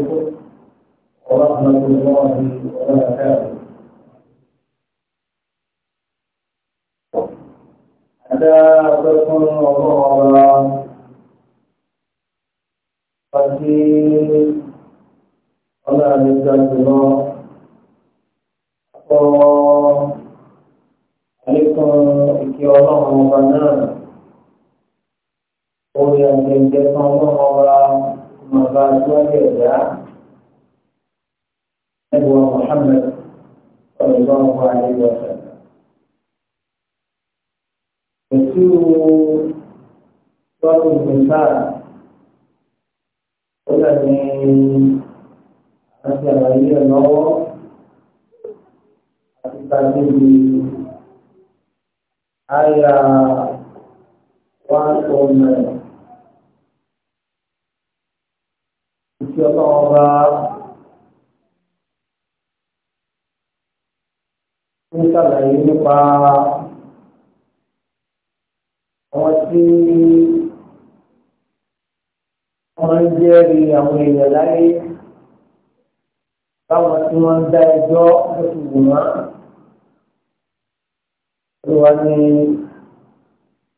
عليكم ورحمة الله وبركاته ada berpun Allah pasti Allah akan Allah atau alaikum iki Allah Allah bana oh yang dia Allah وقال وليدا نبوى محمد صلى الله عليه وسلم نسيره صوت المثال والذي أتى غير النور أتى آية 1 4 òjíṣẹ́ ọlọ́wọ́ bá ń ṣàlàyé nípa àwọn tí wọ́n ń jẹ́rìí àwọn èèyàn láyé báwọn tí wọ́n ń dá ẹjọ́ lóṣù wùmá. Olúwa ni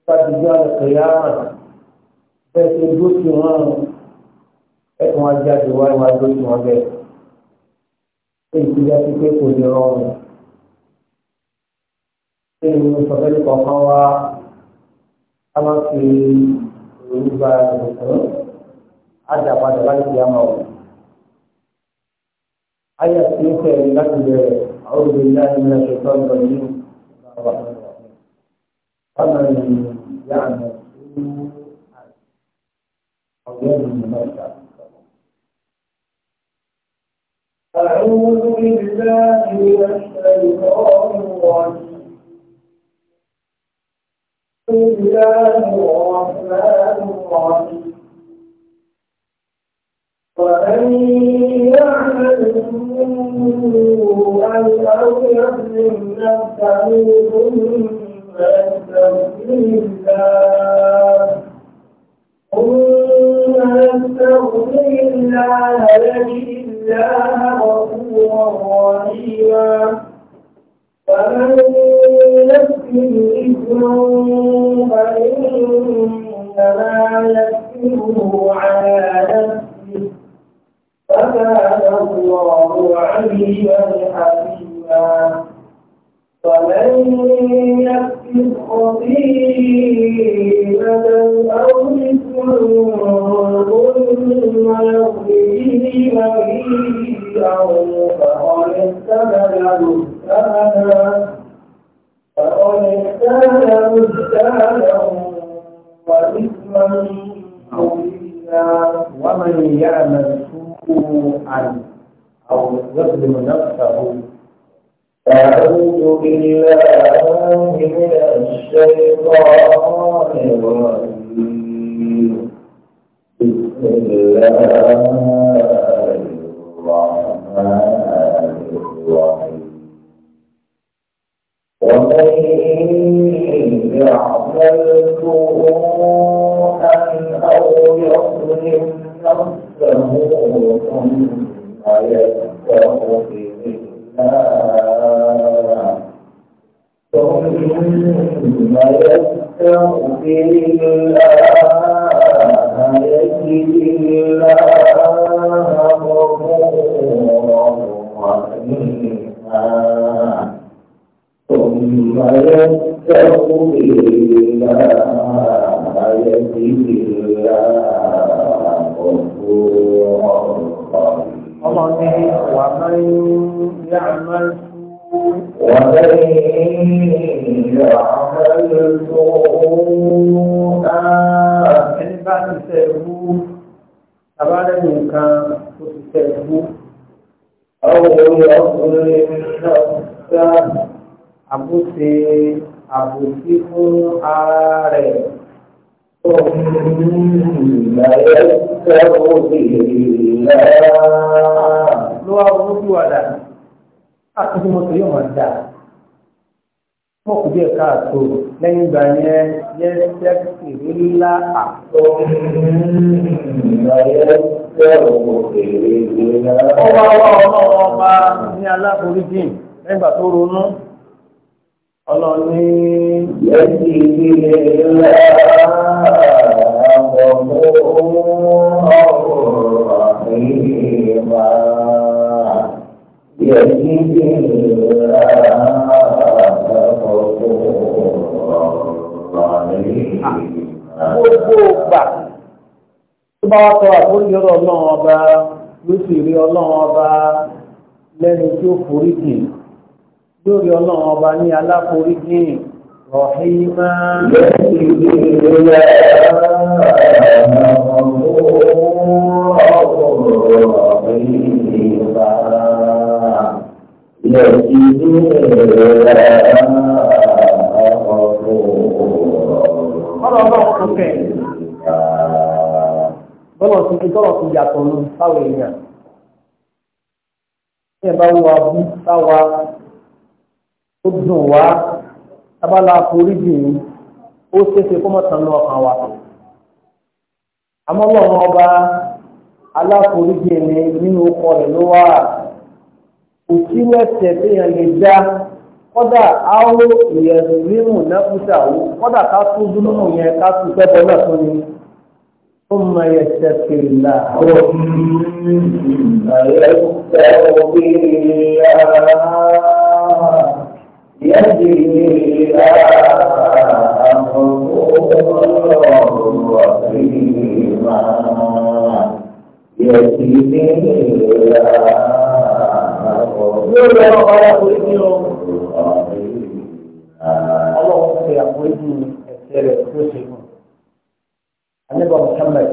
bá ti jẹ́ àlùkò yára bẹ́ẹ̀ ṣe gbóṣù wọn ẹ̀kún ajáde wá iwájú oṣù wọn bẹ́ẹ̀. èyí ti yá sí pé kò lè rọrùn. ṣé ìlú sọfẹ́lì kọ̀ọ̀kan wá a máa fi ìròyìn gba ìròyìn àjàpadà láti fi àmà wọn. ayé àti ìfẹ́ ẹ̀rí láti bẹ̀rẹ̀ àwọn obìnrin náà ní ẹ̀ṣẹ̀ tó ń lọ ní ìgbà wà. ìyá àmọ̀ ọ̀gbẹ́ni ìmọ̀ ìgbà. أعوذ بالله من الشيطان الرجيم بسم الله الرحمن الرحيم ومن يعمل منه أن أو يظلم نفسه ثم يستغفر الله ثم يستغفر الله يجد الله غفورا رحيما فمن يكفر إثما فإنما يكفره على نفسه فكان الله عليما حكيما فمن يكسب خطيئة أو إثما ثم يخزيه مريئا فقد فقد احتمل مستهلا وإثما مبينا ومن يعمل سوءا أو يظلم نفسه أعوذ بالله من الشيطان الرجيم بسم الله الرحمن الرحيم ومن يعمل سوءا lẹ́yìn ìgbà yẹn yẹ sẹ́kì ńlá àtọ́. ọba ọba ọlọ́wọ́ ọba ní aláforíjì lẹ́gbà tó ronú ọlọ́ni. lẹ́sì ìdílé ńlá àbọ̀mọ́ ọ̀rọ̀ àìyíma. Yẹ́nì ìdílé ńlá àbọ̀mọ́ gbogbo ògbà tó bá wá tọrọ àforíjì ọ̀dọ̀ Ọlọ́run ọba ló sì rí Ọlọ́run ọba lẹ́ni tí ó foríjì lórí Ọlọ́run ọba ní aláforíjì rọhìnmá lẹ́sìn ìlú ìlú ẹ Yẹ̀sìn ní ẹ̀rọ ọ̀rọ̀ náà kò kẹ̀ ti tọ́lọ̀ ti yàtọ̀ ló sáwọ̀ èèyàn tí ẹ bá wọ abú sáwa ó dùn wá tábàlà àforíjì yìí ó kó ọba nínú rẹ̀ ló wà kọ́dà áwò ìyẹ̀rù mímù lẹ́kùsà ó kọ́dà ká tún dúnmù yẹn ká tún sẹ́bọ̀ náà fún ni ó mọ ẹsẹ̀ kìlà ọ̀rọ̀ Yóò lọ ọ̀rọ̀ orí ní ọmọ ọlọ́run ṣe àforíjì ẹ̀ṣẹ̀ rẹ̀ tó ṣe kù. Àníbà Muhammad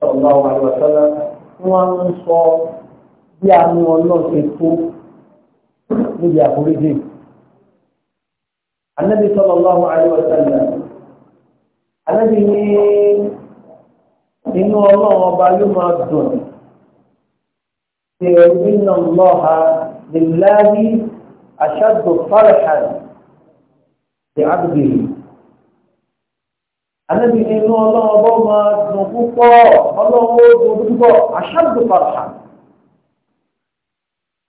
sallallahu alaihi wasallam wọ́n ń sọ bí àánú ọlọ́run ṣe tó níbi àforíjì. Ànábì sallallahu alaihi wasallam. Ànábì ní inú ọlọ́run ọba yóò máa dùn. Ṣé ìrìnà lọ́ha lè láyé أشد فرحا بعبده النبي إن الله ضمى نبوطا الله نبوطا أشد فرحا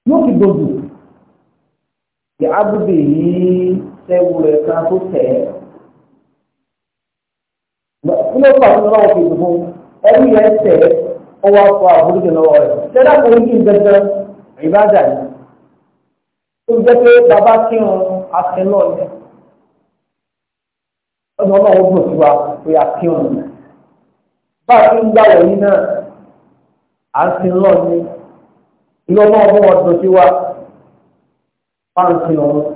yóò fi dodo ti abudu yìí sẹ́wù rẹ̀ kan tó tẹ̀ ẹ́. Ilé ìfọ̀ àti ọlọ́wọ́ fi dùn fún ẹ̀rí yẹn tẹ̀ ọwọ́ afọ àbúrúkẹ lọ́wọ́ rẹ̀. Ṣẹ́dá kò ní kí n dandan ìbádà ni tó jẹ́ pé bàbá kírun àtẹnà ni ọmọ náà ó gbò sí wa pé a kírun ni bá a ti ń gbàwọ̀ yìí náà à ń sin lọ ni ìlú ọmọ ọmọ ọdún sí wa bá ń sin ọ̀run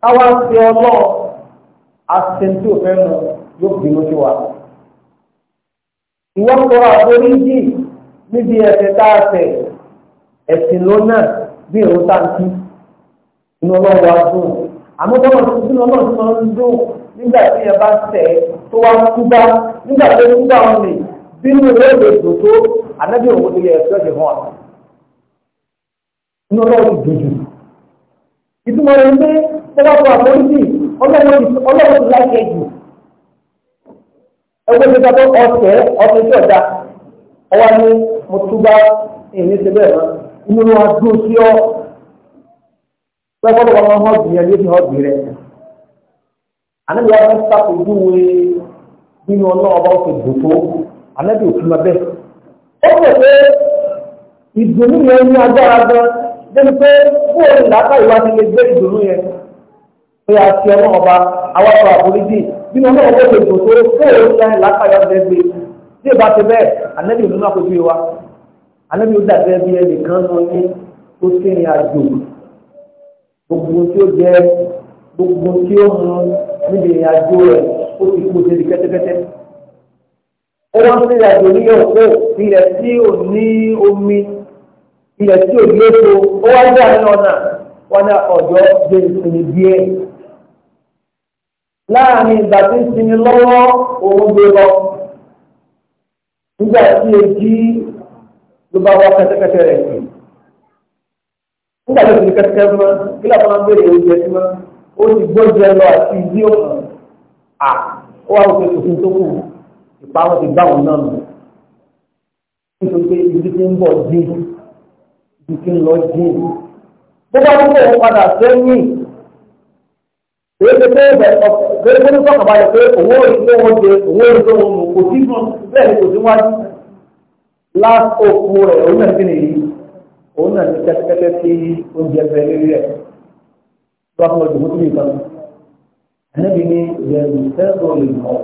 táwa ń sin ọlọ́ọ̀ àtẹ̀ntì òfẹ́ mu yóò bínú sí wa ìwọ́n tọrọ àforíjì níbi ẹ̀ṣẹ̀ tá a ṣẹ̀ ẹ̀sìn lónà bí èrò ń kí inú ọlọ́run wa dùn àmọ́ tọ́lọ́ tó sínú ọlọ́run tó máa ń dùn nígbà tí ẹ bá tẹ̀ tó wá túbá nígbà tó túbá wọn lè bínú rẹ̀ lè dùn tó ànábì òun ti yẹ ẹ̀fẹ́ ọ̀dẹ̀ hàn inú ọlọ́run dùn jù ìtumọ̀ rẹ̀ ń pé tọ́wọ́ tó àforíjì ọlọ́run ti láìpẹ́ jù ẹgbẹ́ tó tọ́ ọ̀sẹ̀ ọ̀sẹ̀ tí ọ̀dà ọwọ́ ni mo túbá èyí ṣe sọ́kọ́tò wọn wọn hàn bìyàn yóò fi bì rẹ̀. ànábì wọn fẹ́ sàkójú wé nínú ọlọ́wọ́ bá fi dùn tó ànábì òfin ma bẹ́ẹ̀. a ti ọmọ ọba àwọn ọba gbogbo tí ó jẹ gbogbo tí ó mu níbi ìrìn àjò rẹ̀ ó ti kú síbi kẹ́tẹ́kẹ́tẹ́. ó wá sí ìrìn àjò ní òkú ilẹ̀ tí ò ní omi ilẹ̀ tí ò ní èso ó wá gbé àárín ọ̀nà wọn ní ọ̀dọ́ jẹ ìsinmi díẹ̀. láàrin ìgbà tí ń sinmi lọ́wọ́ òun gbé lọ nígbà tí èjì ló bá wá kẹ́tẹ́kẹ́tẹ́ rẹ̀ sí i nígbà tó ti kẹ́kẹ́ mọ́ kí lóò máa ń bèrè oúnjẹ sí mọ́ ó ti gbọ́njẹ lọ àti ìdí ọ̀hún à ó wà wọ́pẹ́ kò fún tó kù ìpamọ́ ti bá wọn náà nù nítorí pé ibi tí ń bọ̀ dín ibi tí ń lọ dín bó bá tó kọ̀ padà sẹ́yìn èyí ti pé bẹ̀rẹ̀ pé ní sọ̀kàn balẹ̀ pé owó ìlú wọn jẹ owó ìlú wọn mú kò sí fún bẹ́ẹ̀ ni kò sí wájú last hope rẹ̀ òun náà ti nìyí òun náà ní kẹ́tẹ́kẹ́tẹ́ tí oúnjẹ bẹ lórí ẹ̀ tó a fún ọdún mọ́tò nìkan ẹ̀nẹ́bí ní ìyẹ̀rù sẹ́ẹ̀rọ lè mọ̀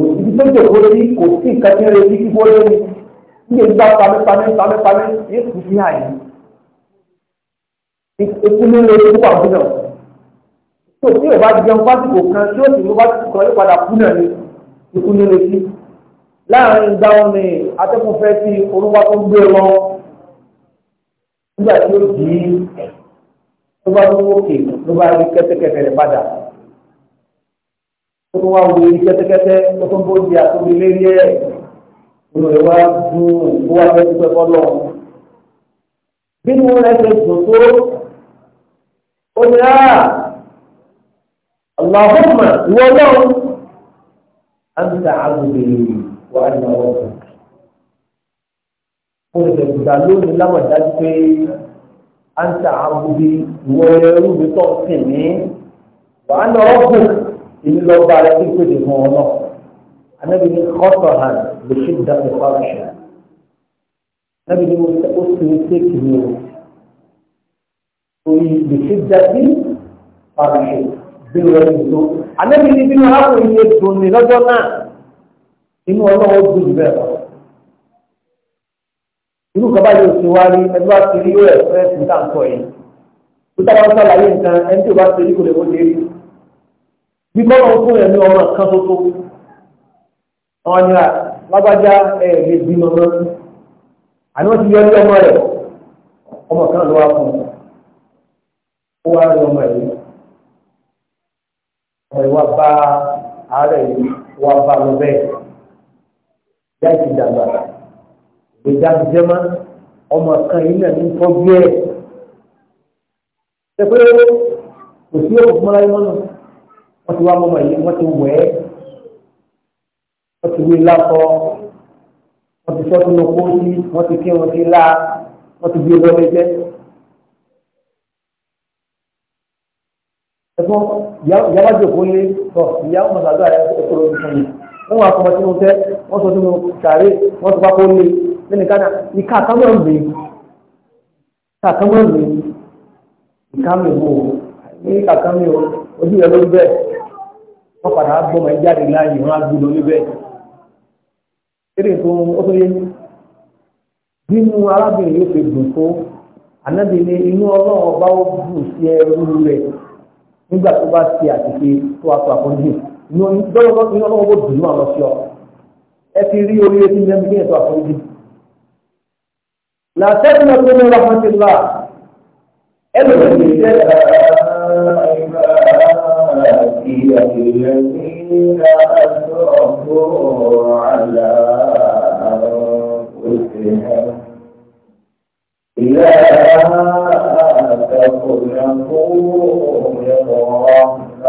òtítí tó jẹ́ kó lórí kò sí nǹkan tí ń retí kíkó lórí ní ìgbà pamẹ́pamẹ́ pamẹ́pamẹ́ yé kù sí àyè ikú ní lórí púpọ̀ àwọn náà tó tí ò bá jẹun fásitì kan tí ó sì mú fásitì kan yóò padà kú náà ní ikú ní lórí láàrin ìgbà wọn ni atẹ́kùn fẹ́ sí olúwa tó gbé wọn nígbà tí ó dì í tó bá tún wókè ló bá rí kẹ́tẹ́kẹ́tẹ́ rẹ̀ padà tó tún wá wo rí kẹ́tẹ́kẹ́tẹ́ tó tún bó di àtúndì lérí ẹ̀ olú rẹ̀ wá dùn kó wá fẹ́ dúpẹ́ fọ́lọ́ bínú rẹ̀ ṣe dùn ó ní á Allahumma ìwọ náà á ń yìí. وأن ربك olùdókòtà lónìí láwọn dájú pé à ń ta àbúbí ìwọ ẹrú mi tó ń sìn ní wàá lọ rọ́pò ìlú lọ bá rẹ kíkó di fún ọ náà anábì ní kọ́tọ̀ hàn lè ṣe ìdáhùn fáwọ̀ṣà anábì ní ó sì ń ṣe kìíní o orí lè ṣe ìdáhùn fáwọ̀ṣà bí wọ́n ń lò anábì ní bí wọ́n á kò yẹ dùn ní lọ́jọ́ náà inú ọlọ́wọ́ gbé jù bẹ́ẹ̀ lọ. irú kan báyìí ò ti wá rí ẹni wá ti rí us fẹ́ẹ́ fún táǹkọ̀ yìí tó dábàá ń sàlàyé nǹkan ẹni tí ò bá ti rí kò lè wọlé rí bí kọ́nà fún ẹ̀ ní ọmọ kan tó tó àwọn ni lágbájá ẹ̀ lè bí mọ́mọ́ àní wọ́n ti yọ ní ọmọ rẹ̀ ọmọ kan ló wá fún un ó wá rí ọmọ yìí ọmọ yìí wá bá àárẹ̀ yìí wá bá lọ bẹ́ẹ̀ ìyá ti dàgbà ìgbèjà jẹmọ ọmọ kan yìí náà ní tọ́jú ẹ̀ ṣe pé kò sí òkú fúnra yín mọ́nà wọ́n ti wá mọ́mọ́ yìí wọ́n ti wẹ̀ ẹ́ wọ́n ti wí lákọ́ wọ́n ti sọ́tún ní kóńtì wọ́n ti kí wọ́n ti lá wọ́n ti gbé wọlé jẹ́. ẹ̀fọ́ ìyá wájú òkú lé sọ ìyá ọmọ sàdúrà ẹ̀ kúrò ní fún mi. wọ́n wá sọmọ sínú tẹ́ wọ́n sọ sínú sàárè wọ́n sọ pápó nínú ìka àkámọ́ lè ìka àkámọ́ lè ìka mi wò ní ìka àkámọ́ yòó ojú rẹ̀ ló ń bẹ̀ wọ́n padà gbọ́mọ ẹ̀ jáde láàyè wọ́n á tó ó tó yé nínú arábìnrin yóò fi ànábì ní inú ọlọ́run ó bù sí ẹrú nígbà tó lọ́wọ́ iná lọ́wọ́ bó dùn náà lọ sí ọ ẹ ti rí orí etí ní ẹni tó àforíjì. làtẹ́tì náà tó ní rahmatillah ẹ lè lè jẹ́ الذين أسرفوا على أنفسهم لا تقنطوا من رحمة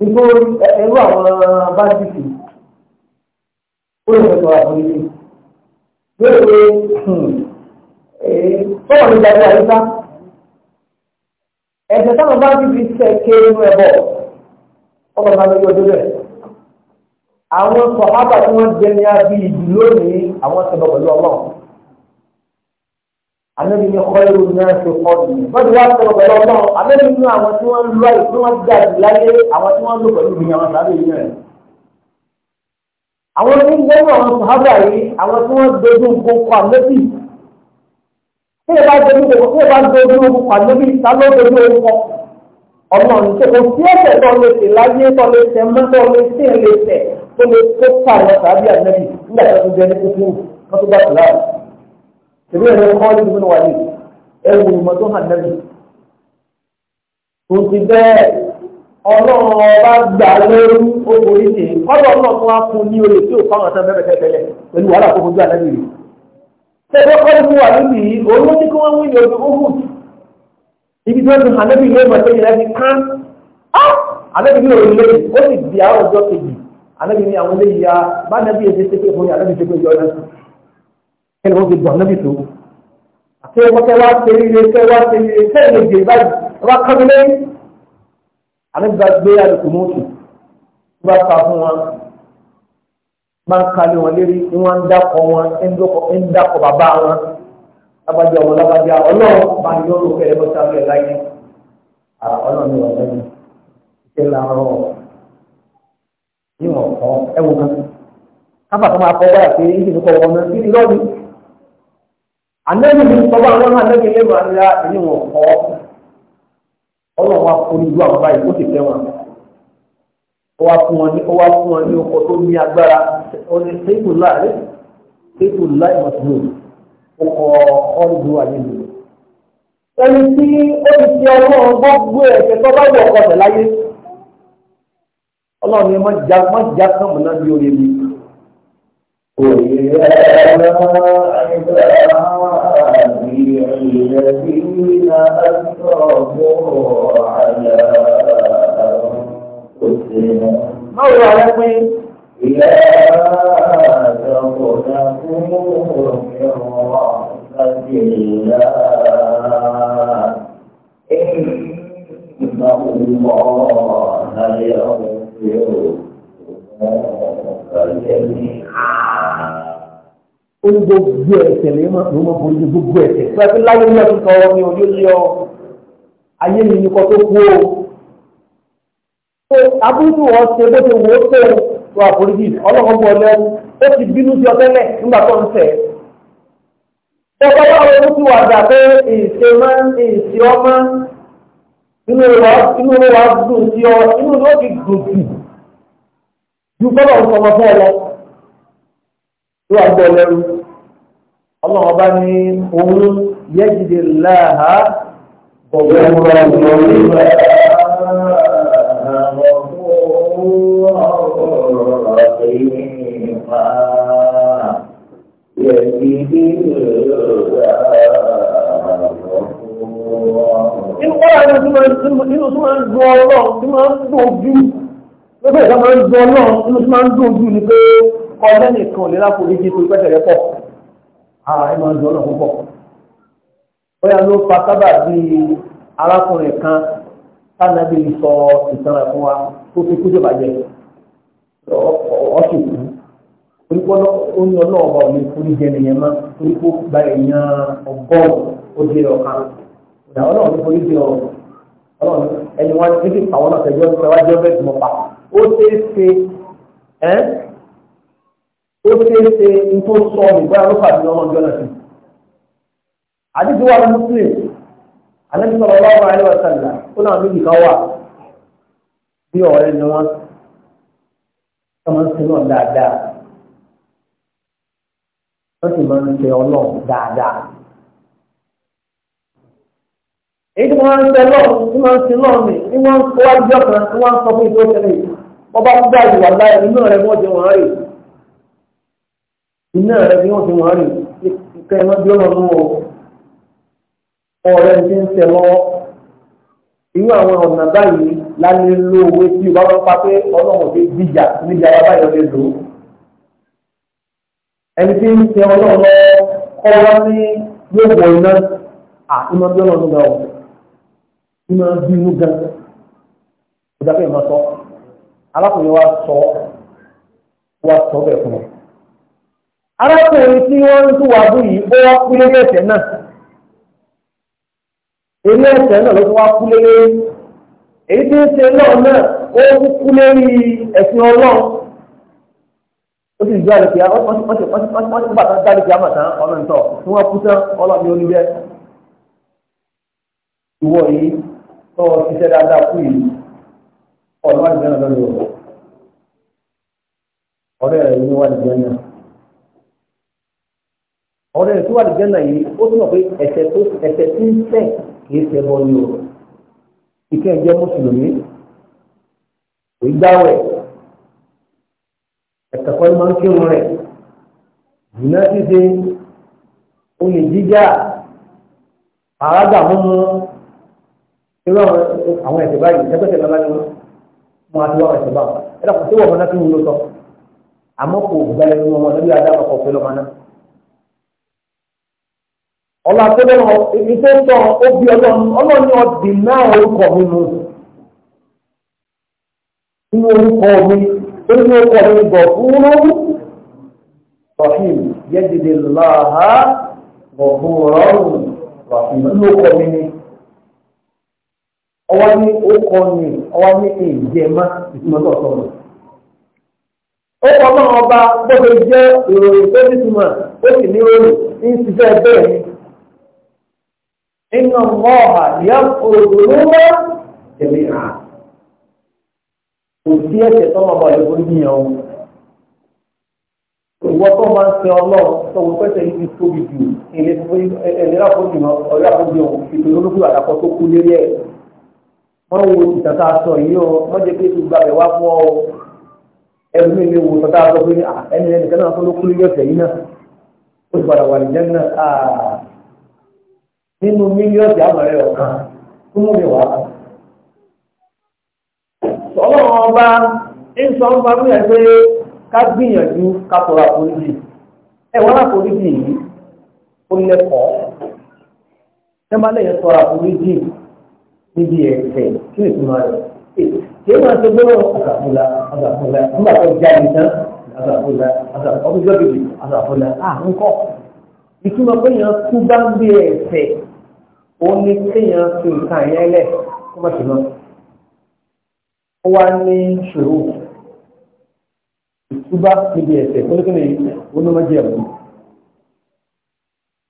nígbó ẹrú àwọn báńkì ó lè fẹ́ sọ̀rọ̀ àfọ̀yé yóò ṣe fọwọ́ hmm, ní gbàgbé àyíká ẹ̀sẹ̀ táwọn báńkì fi ṣe ké inú ẹ̀bọ ọkọ̀ máa ń lórí ọdún bẹ́ẹ̀ àwọn sọ̀hábà tí wọ́n jẹ ní abí ìdí lónìí àwọn sọ̀rọ̀ pẹ̀lú ọlọ́run anabi ni kọ́lẹ́rù náà ṣe kọ́ mi. wọ́n ti wá sọ̀rọ̀ pẹ̀lú ọlọ́run anabi ní àwọn tí wọ́n ń lọ àyè tí wọ́n gbà láyé àwọn tí wọ́n ń lò pẹ̀lú ìgbìyànjú àwọn sábẹ́ yìí náà. àwọn tí ń gbẹ́nu àwọn sàhábà yìí àwọn tí wọ́n dojú gbogbo àlẹ́bí. tí ìbá dojú gbogbo tí ìbá dojú gbogbo àlẹ́bí ta ló dojú orúkọ. ọmọ nìṣe kò sí ẹ̀ṣẹ̀ tó lè tẹ̀ láyé tó lè tẹ̀ mọ́tò lè tẹ̀ lè tẹ̀ tó lè kó tẹ̀lé ẹ̀rọ kọ́ọ̀lù nínú wà ní ẹ̀wù ìmọ̀ tó hàn lẹ́nu. Tòun ti bẹ́ẹ̀ ọlọ́run ọba gbà lórí ogorí ni ọlọ́run náà tún á fún ní olè tí ò fáwọn ọ̀sán bẹ́ẹ̀ tẹ́lẹ̀ pẹ̀lú wàhálà tó fojú àlẹ́ nìyí. Tẹ̀lé kọ́ọ̀lù nínú wà níbi yìí òun ló ní kí wọ́n wíyàn ojú ó hùn. Ibi tí wọ́n ti hàn lẹ́bi ilé ìmọ̀ tó yẹ Àlẹ́bí ní òun lẹ́yìn, ó sì di àwọn ọjọ́ kejì, àlẹ́bí ní àwọn ilé ìyá, bá nẹ́bí èdè ṣe pé òun ni àlẹ́bí ṣe pé ìjọ náà kẹ́ni wọ́n fi dùn ànábì tó. àti ọmọ kẹ́ wá ṣe ríire kẹ́ wá ṣe ríire kẹ́ lè jèrè báyìí ọba kọ́ni lẹ́yìn. ànábì bá gbé àlùkò mọ́tò tó bá ta fún wọn máa ń kalé wọn lérí ni wọ́n ń dákọ̀ wọn ń dákọ̀ bàbá wọn lábàjá ọmọ lábàjá ọlọ́run bá yọ ọ́ lókè ẹ̀rọ sábẹ́ láyé ọlọ́run ni wọ́n lẹ́yìn ìṣẹ́ làárọ̀ níwọ̀n kan ẹ̀wọ̀n kan káfà tó máa kọ́ báyà pé ìdìbò kọ̀ náà kí ni Ànábì ní sọ́wọ́ àwọn náà ànábì lè máa ra ìní wọn kọ́. Ọlọ́run wa kó ìlú àwọn báyìí ó sì fẹ́ wọn. Ó wá fún wọn ní ó wá fún wọn ní ọkọ̀ tó ní agbára. Ó ní Téèkù láàrin Téèkù láì mọ̀tò ó kọ ọ́nùdó àyèlò. Ẹni tí ó ti ṣe ọlọ́run gbogbo ẹ̀ṣẹ̀ tó bá wọ̀ ọkọ̀ tẹ̀ láyé. Ọlọ́run ni mọ̀ já kàn mọ́ náà ní orí mi. Òye ẹ̀rọ Báwo la wọ́n pín? Ìyá àjọpọ̀dà fún òmìnira láti ìyá ìgbà òmìnira láyé ọ̀gbìn ó ní gbogbo ẹsẹ̀ lè máa ń mọ gbogbo ẹsẹ̀ pẹ̀lú láyé ní ọdún kan ní lé ọ ayé mi ni kọ́ tó kú o. ṣé abúlé wọn ṣe bó ti wò ó tó tó àforíjì ọlọ́run bọ̀ lẹ́nu ó ti bínú sí ọ tẹ́lẹ̀ nígbà tó ń tẹ̀. ọ̀pọ̀ bá wọn ó ti wà dà pé èsè máa ń èsè ọmọ inú wa inú wa dùn sí ọ inú ló ti dùn jù ju bọ́lá ń sọmọ fún ọ lọ tó wà bọ̀ lẹ́nu ọlọ́run ọba ní òun yẹ́jìdè láàá. Gbogbo ìjọ máa ń gbọ́ náà inú tí máa ń dùn jù ní pé kọjẹ́ nìkan lè lápò rí jí tó ìpẹ́sẹ̀ rẹ̀ pọ̀. Ààrẹ máa ń gbọ́ náà púpọ̀ bóyá ló fa sábà bí arákùnrin kan tánàbí sọ ìtàn ẹ̀fún wa tó fi kú jọ̀bàjẹ́ ọ̀ṣùkú onípọ́nà oní ọlọ́ọ̀bà ò lè forí jẹ nìyẹn má onípò gba èèyàn ọgọ́rùn-ún ó di ọ̀kan ìdá ọlọ́run ní forí jẹ ọ̀rọ̀ ọlọ́run ẹni wọn ti fi àwọn náà tẹ̀jọ́ nípa wájú ọbẹ̀ tó mọ̀ pa ó ṣeé ṣe ó ó ṣeé ṣe nítorí sọ ọ̀nìgbọ́n ló fàbí ọmọ ìjọ náà sí i. àdìsí wà ní muslim ànábi sallallahu alaihi wasallam ó náà níbi kan wà bí ọ̀rẹ́ ni wọ́n ọmọ ń sinú dáadáa wọ́n sì máa ń ṣe ọlọ́run ni ọ̀rẹ́ ti ń tẹ lọ́wọ́ irú àwọn ọ̀nà báyìí lálẹ́ ló owó tí o bá wọn pa pé ọlọ́run ti gbìjà níbi àwọn báyìí ọ̀rẹ́ lò ó ẹni tí ń tẹ ọlọ́run lọ wa sọ wa sọ fún ọ arákùnrin tí wọ́n ń tún wá bú yìí ó wá torí ẹ̀ṣẹ̀ náà ló tún wá kú lé èyí tí ń ṣe náà náà ó kú lérí ẹ̀sìn ọlọ́run ó sì ju àlùkìyà wọ́n ti bàtà dá àlùkìyà màtà ọ̀nà ìtọ̀ tí wọ́n kú tán ọlọ́run ní oníbẹ̀ ìwọ yìí tó iṣẹ́ dáadáa kú yìí ọ̀nà wà nìjẹ́ náà lọ́dọ̀ ọ̀rẹ́ rẹ̀ ní wà nìjẹ́ náà ọ̀rẹ́ rẹ̀ tó wà nìjẹ́ náà yìí ó túnmọ̀ pé ẹ̀ṣẹ̀ tí ń ṣẹ̀ kìí ṣẹbọ ni o ìkẹ́ ẹ̀jẹ̀ mùsùlùmí kìí gbáwẹ̀ ẹ̀kẹ́kọ́ ni máa ń kírun rẹ̀ jìnnà ṣíṣe olè jíjà àràgbà mímú irú àwọn ẹ̀sẹ̀ báyìí ìtẹ́gbẹ́sẹ̀ lọ́la ni wọ́n á ti wá àwọn ẹ̀sẹ̀ báwọn ẹ̀dá kò sí wọ̀ ọmọ náà kí wọ́n ló sọ àmọ́ kò gba ẹnu ọmọ náà adá ọkọ̀ pẹ̀lú ọmọ náà. ọ̀la tó lọ́wọ́ èyí tó ń tọ́ ó bí ọlọ́run ni ọdì náà orúkọ mi mu nínú orúkọ mi ó ní orúkọ mi bọ̀ fúnrú rahim yẹ́dìdì rọrùn rahim orúkọ mi ni ní ọba gbọ́dọ̀ jẹ́ ìròyìn tó ó sì ní Inna Allaha yaghfiru dhunuba jami'a. Kò sí ẹ̀ṣẹ̀ tọ́mọ bá yẹ fún yíyan o. Ìwọ tó máa ń sin ọlọ́run tó wọ pẹ́sẹ̀ yìí ti tóbi jù ìlera fún ìmọ̀ ọ̀rẹ́ àkójọ ìpè olókùn àdàkọ tó kú lérí ẹ̀. Wọ́n wo ìtàtà aṣọ yìí o, wọ́n jẹ́ pé ètò ìgbàgbẹ́ wá fún ọ ẹ̀rù mi lè wo ìtàtà aṣọ pé ẹni ẹnìkan náà tó ló kú lérí ẹ̀ṣẹ̀ yìí náà. Ó ti padà wà ní jẹ́ náà nínú mílíọ̀tì àmọ̀rẹ́ ọ̀kan tó mú mi wá. Ọlọ́run ọba ń sọ ń farú ẹ̀ ká gbìyànjú ká tọrọ Ẹ wọ́n àforíjì yìí ó lẹ́kọ̀ọ́. Ṣé máa lẹ́yìn tọrọ àforíjì níbi ẹ̀sẹ̀ kí ni ìtumọ̀ rẹ̀? Ṣé máa ṣe gbọ́dọ̀ àgàfúnla àgàfúnla nígbà tó jáde tán àgàfúnla àgàfúnla ọdún jọ́bìbì àgàfúnla à ń kọ́. Ìtumọ̀ pé èèyàn tú bá ń gbé ẹ̀sẹ̀ ó ní kéèyàn fi nǹkan yẹn lẹ̀ kó má ṣe mọ́ ó wá ní ṣòro ìtúbá níbi ẹ̀sẹ̀ tó ní kí ni onímọ̀jì ẹ̀mú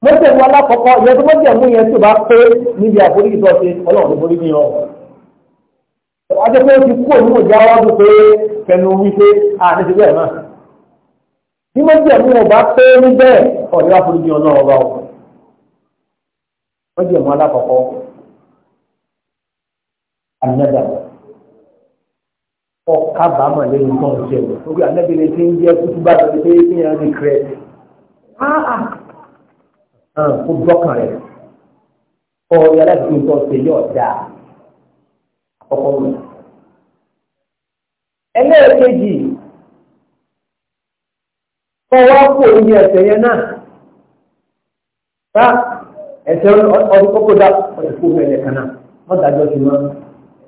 mọ́tẹ̀ wọn alákọ̀ọ́kọ́ ìyẹn tó mọ́tẹ̀ mú yẹn tó bá pé níbi àforíjì tó ṣe ọlọ́run ló borí ní ọ ọjọ́ pé ó ti kú òun òjá wájú pé fẹnu wípé àdéṣe bẹ́ẹ̀ náà bí mọ́tẹ̀ mú wọn bá pé níbẹ̀ ọ̀rẹ́ wọ́n jẹ́ ìmọ̀ alákọ̀ọ́kọ́ anẹ́dà ọ̀ká bàámọ̀ lẹ́yìn tó ń jẹ́ lórí anẹ́bìnrin tí ń jẹ́ kúkú bá tọ́lé pé kí ẹran ní kírẹ́ hàn kó dọ́kàn rẹ̀ kọ́ yàrá ìdí tó ń ṣe yóò dá àkọ́kọ́ mi. ẹlẹ́ẹ̀kejì kọ́ wá kó oyin yẹn náà ẹ̀sẹ̀ ọdún kọ́kọ́ dá ọ̀rẹ́ fún ẹ̀yẹ kan náà wọ́n dájọ́ sí wọn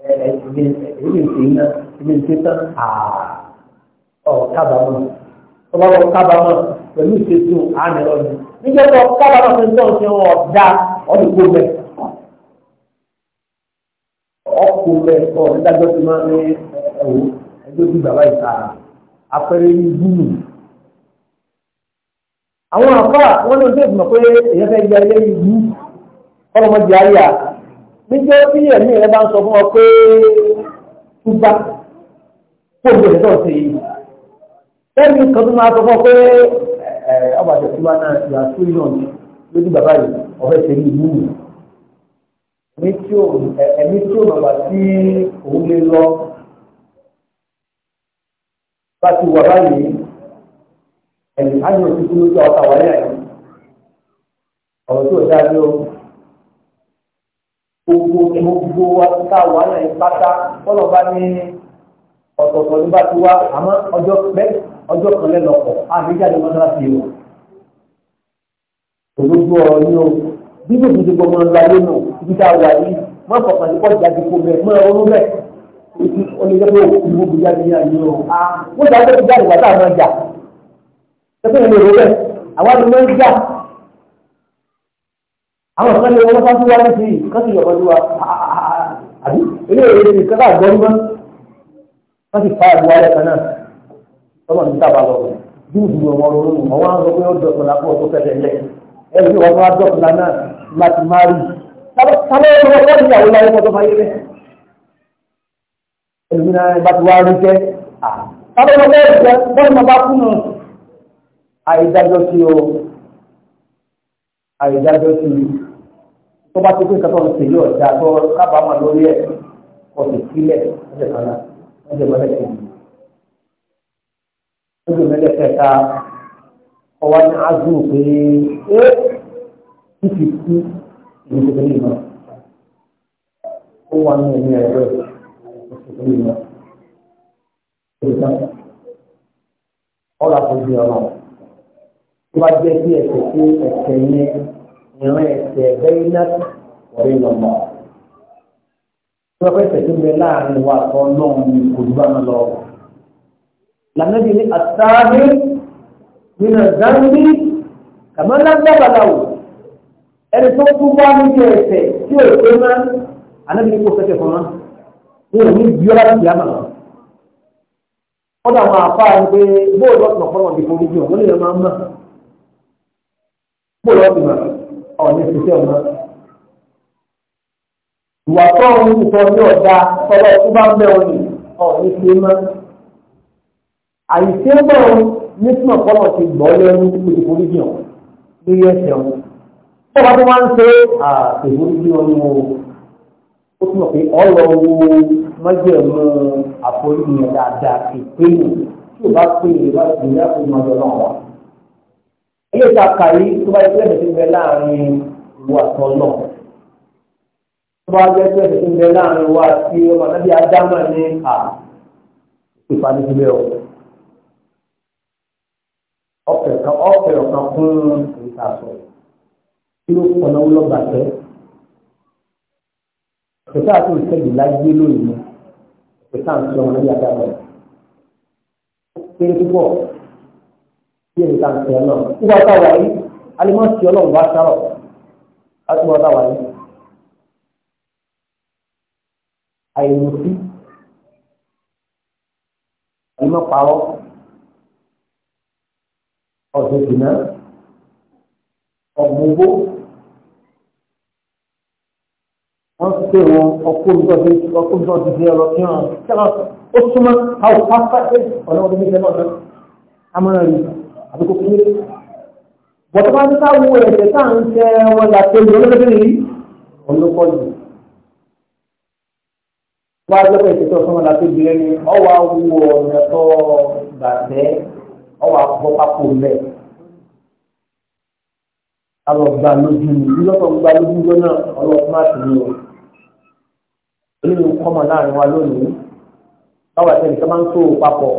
ẹ̀mí iná ẹ̀mí tán kábàámọ̀ pẹ̀lú níjẹ́ tó kábàámọ̀ ọdún kó ọkùn dájọ́ sí ẹ̀wọ̀ ẹgbẹ́ bí bàbá ìta apẹ̀rẹ̀ àwọn àfà wọn ní ojú ìgbìmọ̀ pé èyàn fẹ́ ya ilé ìlú ọlọ́mọdé àríyá níjọ́ tí ẹ̀mí rẹ bá ń sọ fún ọ pé túbá tó gbèrè náà ṣe yìí ẹ̀mí kan tó máa sọ fún ọ pé ọba àti ìtura náà ti wá sórí náà lójú bàbá yìí ọ̀fẹ́ ṣe ní ìlú mi ẹ̀mí tí ò bàbá tí òun lè lọ bá ti wà báyìí ẹ̀yìn á ní òtútù lójú ọ̀tá wáyé àyè ọ̀rọ̀ tó dáa ní o gbogbo gbogbo wa tá a wà náà pátá kọ́lọ̀ bá ní ọ̀tọ̀ọ̀tọ̀ nígbà tí wá àmọ́ ọjọ́ pẹ́ ọjọ́ kan lẹ́lọ́pọ̀ àbíjáde mọ́sálásí o òdodo ọ̀rọ̀ ni o bí gbogbo ti gbọmọ lọ ayé nù ibi tá a wà yìí má fọkàn ní kọ́ọ̀dì àti kò bẹ̀ mọ́ ọrún bẹ́ẹ̀ o lè jẹ́ jáde ní àyè o. wọ́n ti àgbẹ̀ ti jáde wà tá máa jà tẹ́tẹ́ ìlú ìlú bẹ́ẹ̀ àwọn àdúgbò ń jà àwọn ọ̀sán lè wọ́n fásitì wá ní ti kọ́sì ìyọ̀kọ́ sí wa àbí ilé ìwé ti kọ́kọ́ àgbọ̀ nígbà wọ́n ti fa àgbọ̀ kan náà tọ́lọ̀ ní sábà lọ bí ìdùnnú ọmọ ọlọ́run ọmọ wọn sọ pé ó dọ̀kun la fún ọdún fẹ́fẹ́ lẹ̀ ẹ̀rù ní wọn fún wa dọ̀kun la náà láti má rí sábẹ́ ọmọ ọmọ tó máa yé bẹ́ẹ̀ àìdájọ́ sí o àìdájọ́ sí i tó bá ti pín nǹkan tó ń ṣe yóò dáa tó kábàámọ̀ lórí ẹ̀ kò sì sílẹ̀ ọ̀sẹ̀ kan náà ọ̀sẹ̀ mọ́lẹ̀ kejì ọ̀sẹ̀ mọ́lẹ̀ kẹta ọwọ́ ní azú pé é títí kú ìlú tó tẹ́lẹ̀ náà ó wà ní ẹ̀mí ẹ̀rọ ìlú tó tẹ́lẹ̀ náà ọ̀rọ̀ àpòjù ọ̀rọ̀ tó bá jẹ́ sí ẹ̀sẹ̀ pé ẹ̀sẹ̀ yẹn ìran ẹ̀sẹ̀ bẹ́ẹ̀ náà ọ̀rẹ́ lọ́mọ. tó bá fẹ́sẹ̀ tó bẹ láàrin wa àtọ́ náà ni kò ní bá wọn lọ. lànàbí ní àtàrí nínú zambi kàmáńlá dábàláwò ẹni tó kú bá níbi ẹ̀sẹ̀ tí ò pé máa ànábi ní kó fẹ́kẹ̀ fún wa ní òní bíọ́lá ti yá màá wọ́n dà wọn àfa ẹni pé bóòlù ọ̀sán ọ̀pọ̀lọpọ̀ ti forí jù wọ́n lè máa ń mọ̀ kó lọ́ọ́ bìmọ̀ ọ̀ní ṣiṣẹ́ ọ̀nà. ìwà tó ń sọ ní ọ̀dà tọ́lọ́ tó bá ń bẹ̀ wọn ni ọ̀ní ṣe mọ́. àyíṣe ń bọ̀ ní sùn ọ̀pọ̀lọ̀ ti gbọ́ lẹ́nu olùkórí jù lórí ẹ̀sẹ̀ wọn. tó bá tó máa ń ṣe àtẹ̀wọ́n bí wọn ni ó túnbọ̀ pé ọ̀rọ̀ owó mọ́jẹ̀mú àforíyìn dáadáa kì tí ò bá pé ìrẹ́bá ìrẹ́bá ìrẹ́bá ilé ìtaka yìí tó bá yẹ pé ẹ̀sìn bẹ láàrin ìwọ àtọ náà tó bá yẹ pé ẹ̀sìn bẹ láàrin ìwọ àti ọmọ nàbí adámà ní à ìfanijúbẹ o ọ̀fẹ́ kan ọ̀fẹ́ ọ̀kan fún ìtàsọ kí ló kọ náà lọ bàtẹ ìtàsọ àti ìṣẹ́jú lágbé lónìí ìtàsọ ọmọ nàbí adámà kéré púpọ̀ tí èrè kan sọ̀rọ̀ náà nígbà tá a wà yìí alimọ̀ sí ọlọ́run bá sárọ̀ látúbọ̀ tá a wà yìí. àìmọ̀sí àìmọ̀ pàwọ́ ọ̀sẹ̀ dùnà ọ̀gbọ̀ngbò wọ́n ti pè wọn ọkùnrin tó ti fi ọ̀rọ̀ kí wọn ó súnmọ́ àwọn pásítọ̀ ọ̀nà ọdún méjì náà amọ̀nà rí àbíkó kéré bọ̀tọ́ bá ń káwọ ẹ̀jẹ̀ tá à ń tẹ wọn làtẹ́ ìlú ọlọ́dẹ́dẹ́ yìí ọlọ́pọ̀ o olóyè ń láàrin wa lónìí báwa tẹ̀lé ká máa ń tó papọ̀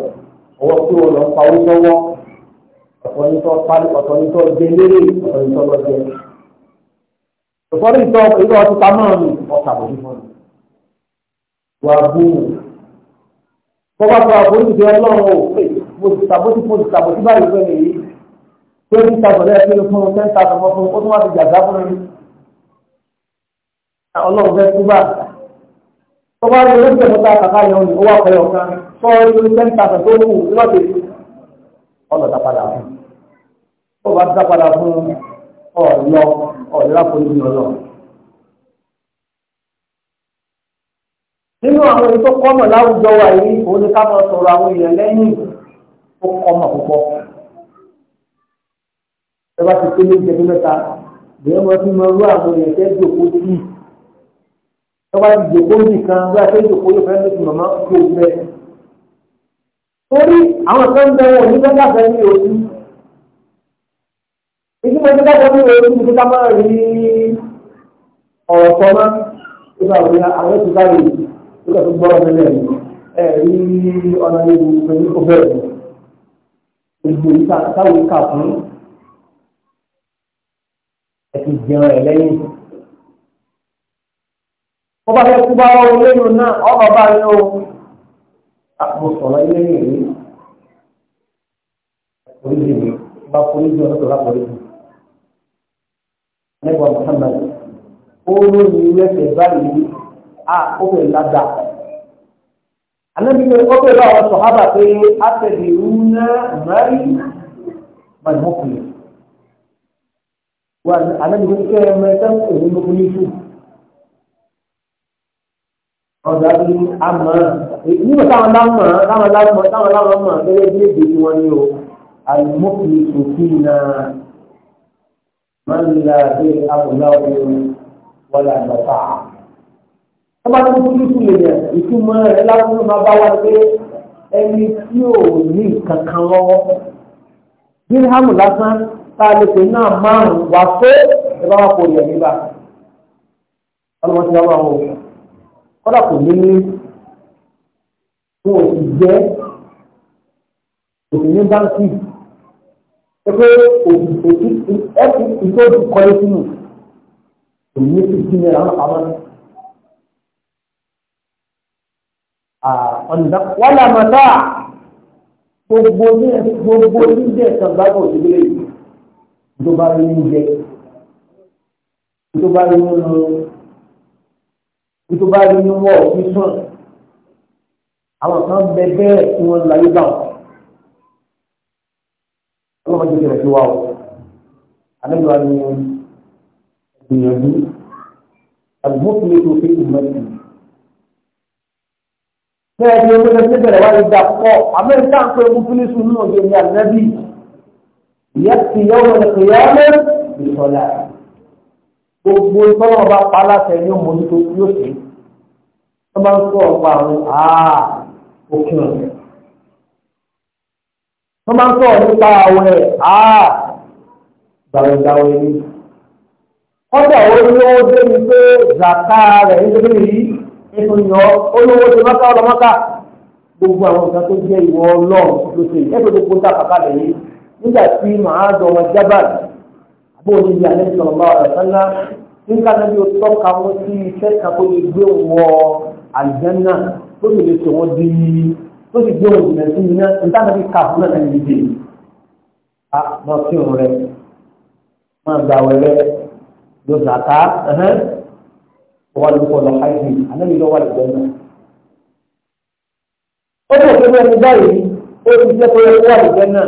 ọwọ́ pé ọlọ́pàá ó sọ́wọ́ ọ̀tọ̀ ní tọ́ parí ọ̀tọ̀ ní tọ́ jẹ lérè ọ̀tọ̀ ní tọ́ lọ jẹ. ìfọ́rí ìtọ́ ìlú ọtí pamọ́ mi ọ̀tà bò nífọ̀n mi. wà á bú mi. tó bá sọ àforíjì tí wọ́n lọ́wọ́ o pé mo ti sàbótí mo ti sàbótí báyìí fẹ́ mi yìí. twenty thousand ẹ̀ kí ló fún ten thousand mọ́ fún ó tún wá ti jàdá fún mi. ọlọ́run fẹ́ túbà. tó bá rí olóṣèlú tá a kàkà yẹn ó wà pẹ́ ọ̀kan sọ ọlọ́dà padà fún ó bá dá padà fún ọ̀yọ́ ọ̀lẹ́lápolómi ọlọ́ nínú àwọn èyí tó kọ́mọ̀ láwùjọ wa yìí òun ni ká máa sọ̀rọ̀ àwọn èèyàn lẹ́yìn ó kọ́mọ̀ púpọ̀ ẹ bá ti pé ní ìjẹ́bí mẹ́ta lèyìn wọn fi máa rú àwọn èèyàn tẹ́ jòkó sí ẹ bá ti jòkó nìkan bí a fẹ́ jòkó yóò fẹ́ lóṣù màmá kó o bẹ́ẹ̀ torí àwọn kan bẹ wọn ní gbọ́dọ̀ fẹ́ ní ojú ìdí mo ti dábọ̀ ní ojú ìdí ká máa rí ọ̀rọ̀ sọ mọ́ nígbà wo ni àwọn ti bá yìí nígbà tó gbọ́dọ̀ nílẹ̀ ẹ̀ rí ọ̀nà ìlú pẹ̀lú ọbẹ̀rẹ̀ ìlú táwọn ìka fún ẹ ti jẹun ẹ lẹ́yìn. ọba fẹ́ kú bá ọ mo sọ̀rọ̀ ilé ìwé orílẹ̀ èdè bá foríjì ọ̀dọ́ tó lápọ̀lẹ́jì nígbà Muhammad ó lóyún lẹ́sẹ̀ báyìí a ó fẹ́ lágbà anábìyẹ ó fẹ́ bá àwọn sọ̀hábà pé a tẹ̀lé rúnà mẹ́rí mọ̀lẹ́mọ́kùnrin wà anábìyẹ kẹ́ ẹ mẹ́tẹ́ òun ló kún ọ̀dà bí àmọ́ nígbà táwọn lámọ̀ táwọn lámọ̀ táwọn lámọ̀ mọ̀ gẹ́gẹ́ bí èdè tí wọ́n ní o àlùmọ́kì òfin náà máa ń la bí àbùlá ọ̀hún wọlé àgbàfà. wọ́n bá tó kúrú sí lè yẹn ìtumọ̀ rẹ̀ láwùjọ máa bá wá pé ẹni tí ò ní kankan lọ́wọ́. bíríhàmù lásán tá a lè pè náà márùn wà pé ẹ bá wà kó yẹ nígbà. ọlọ́mọ ti dá wà wọ́n o kọ́dà kò ní ní wọn ò sì jẹ́ òsì ní báńkì pé òsì ẹ̀sìn ìtọ́jú kọ́lé sínú kò ní sí kí ni àwọn àwọn ọ̀nà wàlà màtá gbogbo ní gbogbo ní jẹ́ ìtàgbàgbọ̀ òṣèlú yìí tó bá rí ní jẹ tó bá rí ní lọ kí tó bá rí inú wọ̀ òfin sàn àwọn kan bẹ bẹ́ẹ̀ tí wọ́n láyé bá wọn. wọ́n máa jẹ́ kẹrẹ̀ sí wa o àlejò wa ni gbìyànjú àdúgbò tó fi ìmọ̀tì. Ṣé ẹ ti ọmọdé ṣe bẹ̀rẹ̀ wá lè dà pọ̀? Amẹ́ríkà ń pè fún Fílísù nínú ọ̀gbìn ní Ìyá ti yọ ọmọdé kìí ọmọ ìsọ̀lá. gbogbo tọ́lọ́ bá pa aláṣẹ ní òmòdútó yóò sí tó bá ń sọ ọ̀pá àwọn àá òkun tó bá ń sọ nípa àwọn ẹ̀ àá gbàwẹ̀gbàwẹ̀ ni dé pé zàká rẹ̀ nítorí yìí ètò olówó gbogbo àwọn nǹkan tó jẹ́ ìwọ ọlọ́run ṣe tó kó kàkà lẹ́yìn nígbà tí bó o ti di alẹ́ sọ̀rọ̀ bá ọ̀rọ̀ sọ́nà nígbà náà bí o tọ́ka wọn sí iṣẹ́ kan tó lè gbé wọ àlùjànnà tó sì lè sọ̀wọ́ di tó sì gbé wọn jìnà sí iná nígbà náà bí kàfún náà ní ìdè a máa fi hàn rẹ máa gbà wẹrẹ lọ zàká wọn lọ lọ hajj alẹ́ mi lọ wà àlùjànnà. ó lè fi wọn ní báyìí ó ti jẹ́ pé wọ́n wà àlùjànnà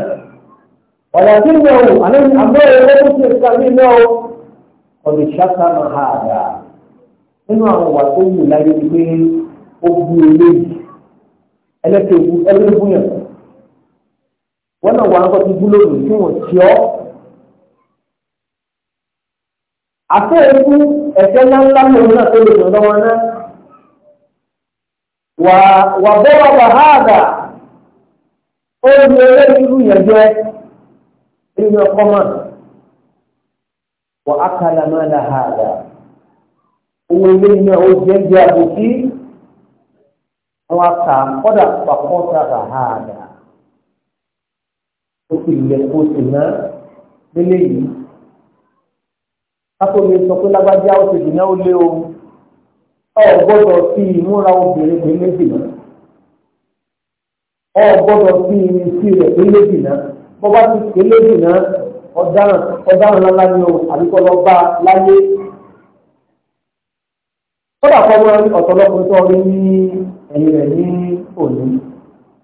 ọ̀dà tí ìwé o àmì àbẹ́rẹ́ owó tó ṣe kàmí náà o ọ̀dà ṣáká máa ha àdá nínú àwọn wà tó wù láyé pé ó bu eléyìí ẹlẹ́kẹ̀ẹ́bù ẹlẹ́kẹ̀ẹ́bù yẹn wọ́n náà wà ń kọ́ ti bú lónìí tí wọ́n ti ọ́ àfẹ́ ikú ẹ̀fẹ́ ńláńlá lòun náà tó lè lọ́wọ́ náà wà bọ́ wà bàhádà ó lu ẹlẹ́kẹ̀ẹ́bù yẹn jẹ́. nínú ọkọ mọ́ wọ́n akala máa ha àdá owó ilé náà ó jẹ́ jẹ́ àbòkí wọ́n aka ha àdá ó sì lẹ̀ ti o ọ gbọ́dọ̀ fi ìmúra obìnrin pé méjì náà ọ bọ́bá ti pè lójú náà ọ̀daràn ọ̀daràn lọ́la ni o àbíkọ́ lọ bá láyé. kódà fọwọ́ ọ̀tọ̀lọ́kùnrin tó rí ní ẹ̀yìn rẹ̀ ní òní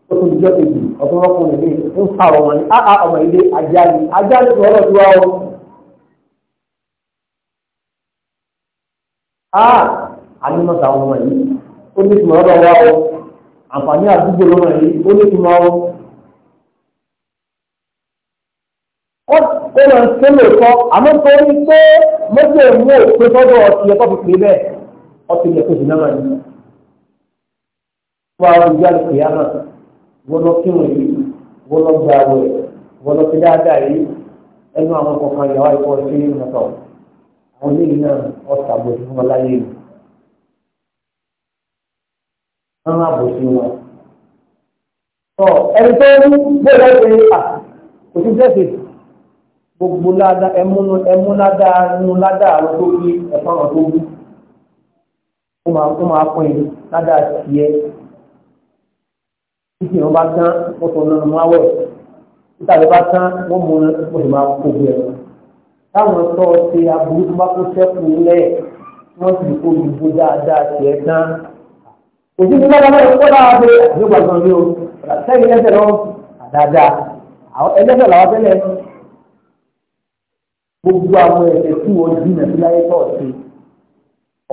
ó tún jọ́ kejì ọ̀tọ̀lọ́kùnrin mi ń fa ọmọ ní áá ọmọ ilé ajá ni ajá ni tó ọlọ́dún wa o. áá ànímọ̀ta ọmọ yìí ó ní ìtumọ̀ ọlọ́wọ́ o àǹfààní àdúgbò lọ́wọ́ yìí ó ní ìtumọ̀ ọlọ́wọ́. lọ ṣe lè kọ́ àmọ́ torí pé mọ́tò mú òpin fọ́dọ̀ ọtí ẹ̀kọ́ fi pè bẹ́ẹ̀ ọtí ẹ̀kọ́ sì náà ní. fún àwọn ìyá lè pèyà náà wọ́n lọ kírun yìí wọ́n lọ gba àwẹ̀ wọ́n lọ fi dáadáa yìí ẹnu àwọn kọ̀ọ̀kan ìyàwó ẹ̀kọ́ sí ìrìnàtọ̀ àwọn ilé yìí náà ọ̀sà àbòsí fún ọláyé yìí. wọ́n àbòsí wọn. ẹni tó ń gbé lọ́sẹ̀ gbogbo ládà ẹmúnú ẹmú ládà nínú ládà àrùn tó kí ẹ̀fọ́nà tó wú ó máa ó máa pín in ládà tiẹ̀ títí wọn bá tán wọn tó nínú máwẹ̀ títà ló bá tán wọn mú wọn sì máa kó gbé ẹ táwọn tó ṣe aburú tó bá tó sẹ́kù lẹ̀ wọ́n sì kó gbogbo dáadáa tiẹ̀ tán òsì tí ládà náà kó dáa pé àbí gbàgbọ́n mi ò ẹsẹ̀ lọ́wọ́ àdáadáa ẹlẹ́sẹ̀ làwọn tẹ́lẹ̀ gbogbo àwọn ẹ̀ṣẹ̀ tí wọ́n jìnà sí láyé tó ọ̀sẹ̀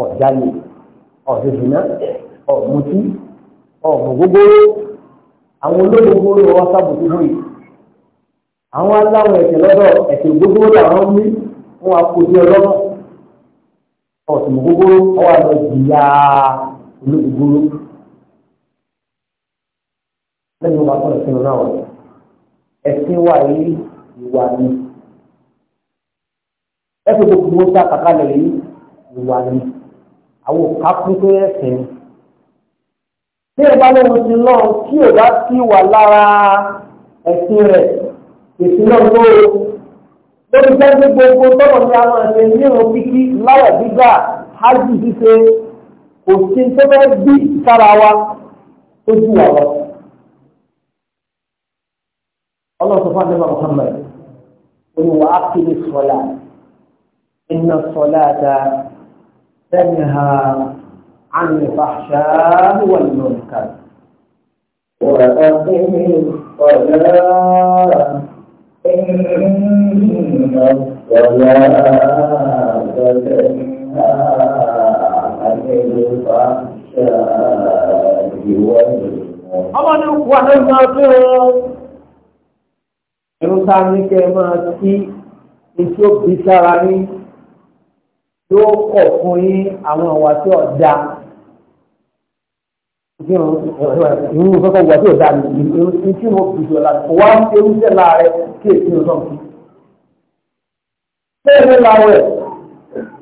ọ̀jálè ọ̀sẹ̀ jìnà ọ̀mùtí ọ̀mùgbógbó àwọn olóògbó ló wá sábòtú fún yìí àwọn aláwọ̀ ẹ̀ṣẹ̀ lọ́dọ̀ ẹ̀ṣẹ̀ gbogbo làwọn mí wọn wá kó sí ọlọ́mọ ọ̀sùn gbogbo ọwọ́ àlọ́ jìyà olóògbó lẹ́nu wa sọ̀rọ̀ sínú náà ẹ̀sìn wa yìí ìwà ni ẹsẹ gbogbo wọn sá kàkà lẹ yìí ìwà ni àwọn òkà kún pé ẹsẹ ni tí ẹ bá lóhun ti lọ kí ò bá sí wà lára ẹsìn rẹ ẹsìn náà ló lórí sẹ́ńtì gbogbo tọ́lọ̀ ní àwọn ẹ̀sẹ̀ nínú kíkí láwọ̀ gbígbà hajj ṣíṣe kò sí tó fẹ́ bí sára wa tó ju wà lọ. ọlọ́run àdébà Muhammad olùwà á kiri sọ̀lá. إن الصلاة تنهى عن الفحشاء والمنكر وأقم الصلاة إن الصلاة تنهى عن الفحشاء والمنكر ní máa fi hàn ẹ̀rùn ta ní kẹ máa sí yóò kọ̀ fún yín àwọn ìwà tí ò da irú fẹ́fẹ́ ìwà tí ò da ní tí mo bìí jọ láti wá ń ṣe oúnjẹ láàrẹ kí èsì ò náà kí. bẹ́ẹ̀ ni làwẹ̀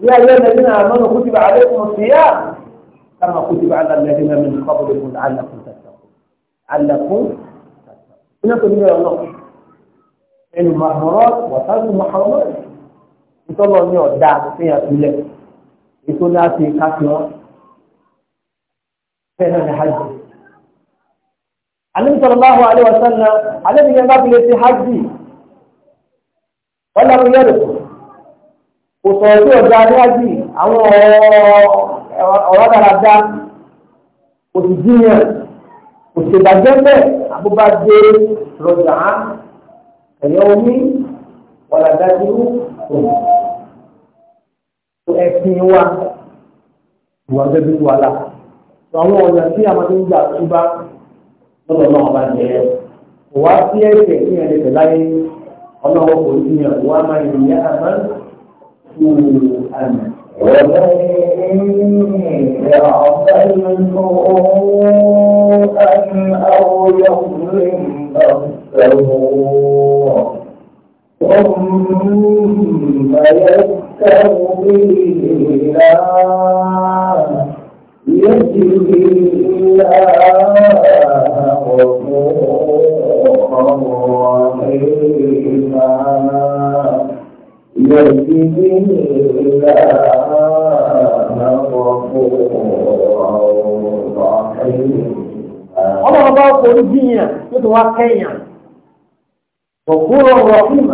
ní ayé ẹ̀mẹ́dínà àmọ́nà kó ti bá alẹ́ fún sí yá kama kó ti bá alẹ́mẹ́dínà mi nǹkan bọ̀dọ̀ fún alẹ́kùn tàtàkùn alẹ́kùn tàtàkùn. iná tó ní bẹ̀rẹ̀ náà ẹnu màhùrọ̀ wàtàkùn màhùrọ̀ ìtọ́lọ ní ọ̀dà àtúnyà sílẹ̀ ètò ní àti káfíń wọn bẹ́ẹ̀ náà ní hajj. alẹ́ sọ̀rọ̀ bá wà alẹ́ wọ̀sán náà alẹ́ mi yẹn bá fi lè ṣe hajj wọ́n lọ́kùn yẹn lò kò sọ̀rọ̀ sí ọ̀dà ní hajj àwọn ọ̀rọ̀ dáradá kò sì jíyàn kò sì bàjẹ́ bẹ́ẹ̀ àbúbá dé rọjà ẹ̀yọ́ omi ọ̀là dájú kò ní. tó ẹ̀sìn wa ìwà bẹ́ẹ̀ bí wàhálà tó àwọn ọ̀nà tí a máa ń gbà túbá lọ́dọ̀ náà bá jẹ́ wá sí ẹ̀sẹ̀ ní ẹ̀lẹ́sẹ̀ láyé ọlọ́wọ́ kò sí yàn wá máa yẹ ìyá àmọ́ tó àmì. ومن يعمل سوءا أو يظلم نفسه ثم يستهديه الله يجري إلى غفورا رحيما يجري إلى غفورا رحيما ọlọ́run bá forí jíyàn tó ti wá kẹ́yàn ọ̀gbọ́n rọ̀ fún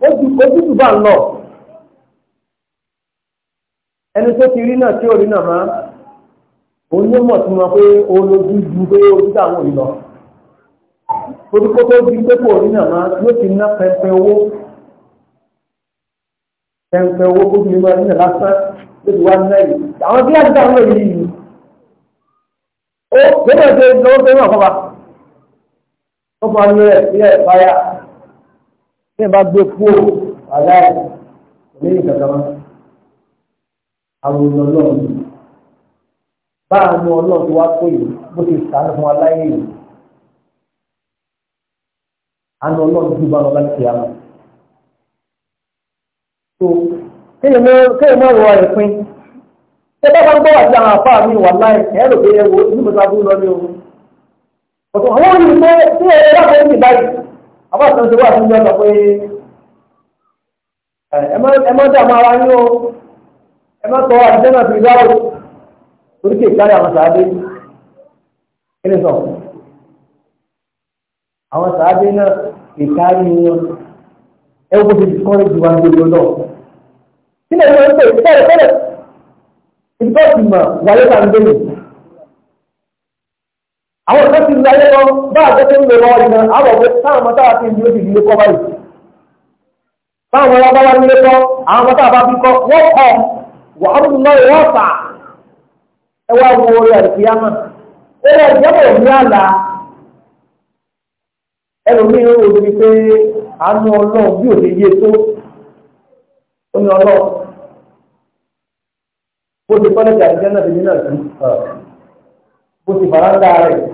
ojútùú bá ń lọ ẹni tó ti rí náà tí ò rí náà máa onímọ̀ tí wọ́n pé olójú ju pé ojú táwọn ò lọ orúkọ tó di pé kò rí náà máa yóò ti ná pẹpẹ owó pẹpẹ owó kó ti mọ ní náà lásán ló ti wá náà yìí àwọn bí àti àwọn èyí yìí ó gbọ́dọ̀ ṣe lọ́wọ́ pé wọ́n kọ́ wa ó fọ́ àwọn ẹ̀ fáyà. ní ìbá gbé fún aláì lẹ́yìn àwọn bá tó wá bó ti sàánú fún yìí tó bá lọ láti ṣe tó kéèyàn mọ́ wọ ẹ̀pin ṣé bá wọn gbọ́wọ́ sí àwọn àfáà mi wà láì ẹ̀ ló pé ẹ wo ní mo ta àbá kan ti wà fún ìjọba pé ẹ má dà máa wá ní o ẹ má tọ́ àdìsẹ́ náà fi dáwò torí kì í kárí àwọn sàádé kí ni sọ àwọn sàádé náà kì í kárí wọn ẹ wọ́n ti kọ́rẹ́ ju wa ní ìlú náà kí ni ẹ ń pè tẹ́lẹ̀ tẹ́lẹ̀ ìdíkọ́ ìmọ̀ wáyé kan dé yìí àwọn ìfẹ́ ti láyé lọ bá àgbẹ́sẹ̀ ń lè lọ ìmọ̀ àwọn ọ̀gbẹ́ táwọn ọmọ táwa ti ń lóṣù ilé kọ́ báyìí táwọn ọmọ bá nílé kọ́ àwọn ọmọ táwa bá fi kọ́ wọ́n kọ́ wà á mú lọ́ọ̀ wọ́n fà ẹ wá wo orí àdìsíyámà orí àdìsíyámà ò ní àlà ẹlòmíín ó rí pé àánú ọlọ́run bí ò ní yé tó ó ní ọlọ́run bó ti kọ́lẹ́jì àdìsíyámà bó ti fara ń dáa rẹ̀.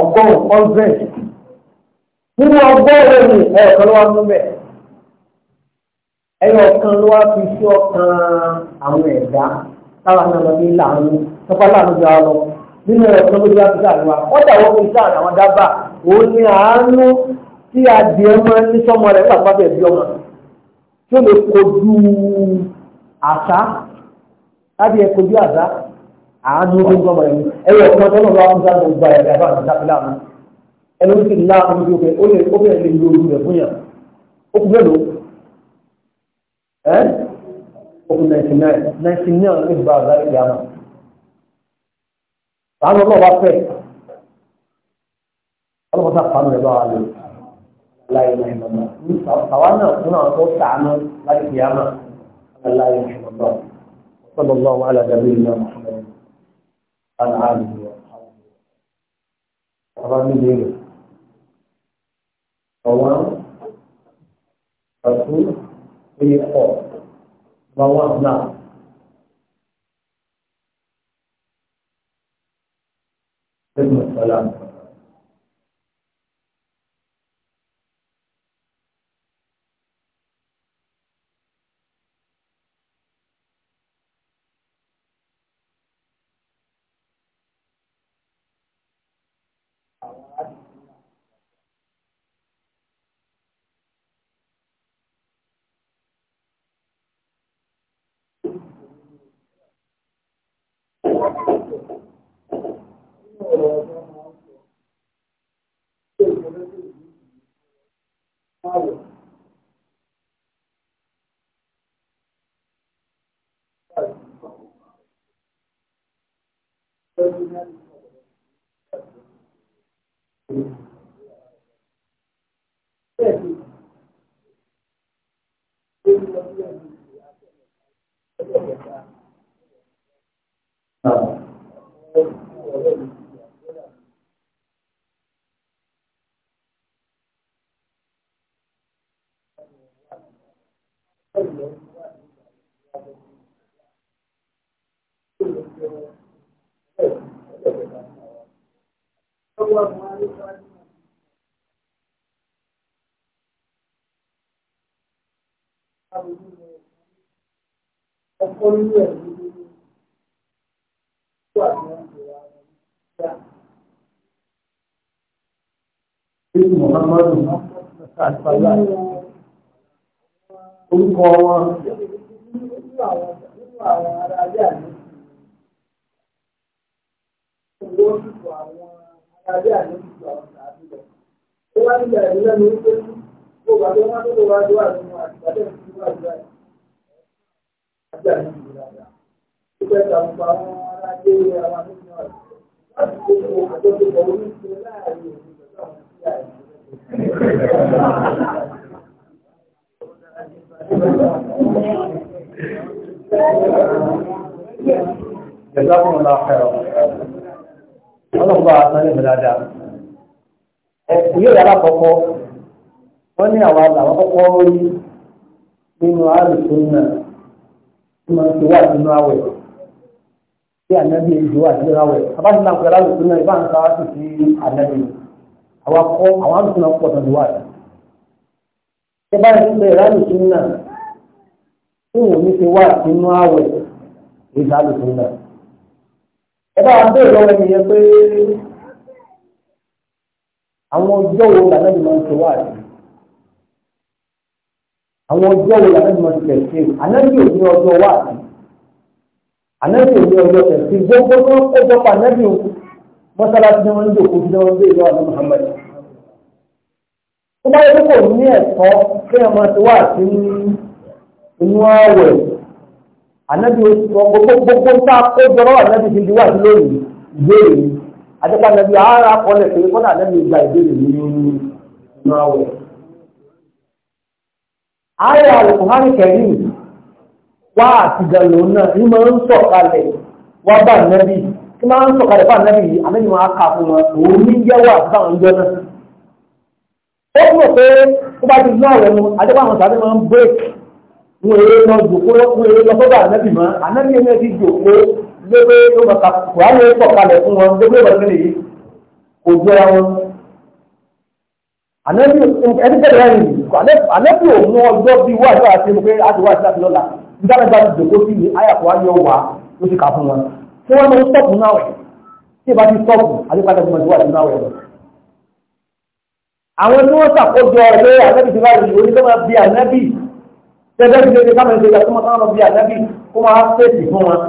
ọgọ́rùn ọ̀sẹ̀ nínú ọgọ́rùn ló wá bẹ́ẹ̀ ló wá fi sí ọkàn àwọn ẹ̀dá táwa náà lọ ní tọ́pá láàánú lọ nínú ló fi sáà wọ́n fi sáà dábà òun ni àánú tí adìẹ máa ń ní sọ́mọ rẹ̀ àánú tó ń gbọmọ ẹni ẹyọ kan tó lọ́wọ́ àwọn sáà ń gba ẹ̀rẹ́ àbá àti dáfílà mú ẹni ó sì láàmú bí ó fẹ́ ó lè ó fẹ́ lè lo ojú rẹ̀ fún yàn ó kú mélòó ẹ́ ó kú náìtì náà náìtì náà ló gba ọ̀dà ìyá náà àánú ọlọ́wọ́ fẹ́ ọlọ́wọ́ sá fàánù rẹ̀ bá wà lò láyé náà ìmọ̀mọ́ ní sàwọn náà fún àwọn tó sàánú láyé ìyá náà láyé ìmọ̀mọ́ صلى الله على نبينا محمد aláàlú ọba nílé rẹ̀. ọ̀wọ́n ọ̀tún oye pọ̀ bá wà náà. Thank you. Thank you. الله orúkọ wọn? àwọn ará ayé àwọn ayé àdébùtù àwọn sàbí lọ. ó wá nígbà yìí lẹ́nu wípé kó wà tó wá tó wá tó wà nínú àtìgbàdé ìlú wà lọ́wọ́ ẹ̀. àbí àdébùtù dáadáa. ó fẹ́ sàmùkọ àwọn aráyé àwọn àdébùtù náà láti kó owó àjọṣepọ̀ oníṣẹ́ láàrin òní pẹ̀lú àwọn sí àìsí. جزاكم الله ọlọ́run bá aṣọ ní ìmọ̀dáadáa ìwé ìyára kọ̀kọ́ wọ́n ní àwọn àgbà kọ́kọ́ rí nínú àlùkò náà tí wọ́n ti wà nínú àwẹ̀ tí ànábì ìjọ àti nínú àwẹ̀ abájú náà pẹ̀lú àlùkò náà ìbá nǹkan wá sí sí ànábì àwọn àwọn náà pọ̀ wà ṣé báyìí ti náà tí wọ́n ní ti ẹ̀dá wa bẹ́ẹ̀ lọ́wọ́ ẹni yẹn pé àwọn ọjọ́ wo làbẹ́ni máa ń ṣe wá àti àwọn ọjọ́ wo làbẹ́ni máa ń ṣe ṣe ànábì ò ní ọjọ́ wá àti ànábì ò ní ọjọ́ tẹ̀sí gbogbo tó ń kọjọ́ pa ànábì ò mọ́sálásí ni wọ́n ń dòkó sí wọn bẹ́ẹ̀ lọ́wọ́ àti Muhammad tó bá yẹ ní ẹ̀tọ́ kí ẹ máa ṣe wá àti inú àwẹ̀ ànábì gbogbo ń tàà kó jọrọ ànábì ti di wà sí ìbéèrè ni ara kọlẹ̀ pé kọ́nà ànábì gba ìbéèrè ní inú àwẹ̀. ààrẹ àlùkùnrin kẹrin wá àti ìdàlọ́ náà ní máa ń sọ̀kalẹ̀ wá bá ànábì kí máa ń sọ̀kalẹ̀ bá ànábì yìí ànábì máa kà fún wọn òun ní náà. ó pé bá ti mu àwọn máa wọn èrè lọ jòkó wọn èrè lọ sọ́dọ̀ ànábì mọ́ ànábì ẹni ti jòkó lébé ló mọ̀ ká kùránì pọ̀ kalẹ̀ fún wọn lébé lọ sílẹ̀ yìí kò jọra wọn. ànábì ẹni tẹ̀lé ẹni ànábì ò mú ọjọ́ bí wà ní àti ẹni pé a ti wá sí àti lọ́la nígbà tí a ti jòkó sí ni àyà kò wáyé ọwà ló ti kà fún wọn. tí wọ́n máa ń sọ́ọ̀pù náà wẹ̀ tí ìbá ti sọ́ọ̀pù àti pàtàkì mọ̀ àwọn tí wọ́n ṣàkójọ ọ̀rẹ́ ànábì ti bá rí orí tó máa bí ànábì gẹ́gẹ́ bí ẹgbẹ́ káwọn ìṣẹ̀lẹ̀ tó máa káwọn bí àdábì kó máa fèsì fún wọn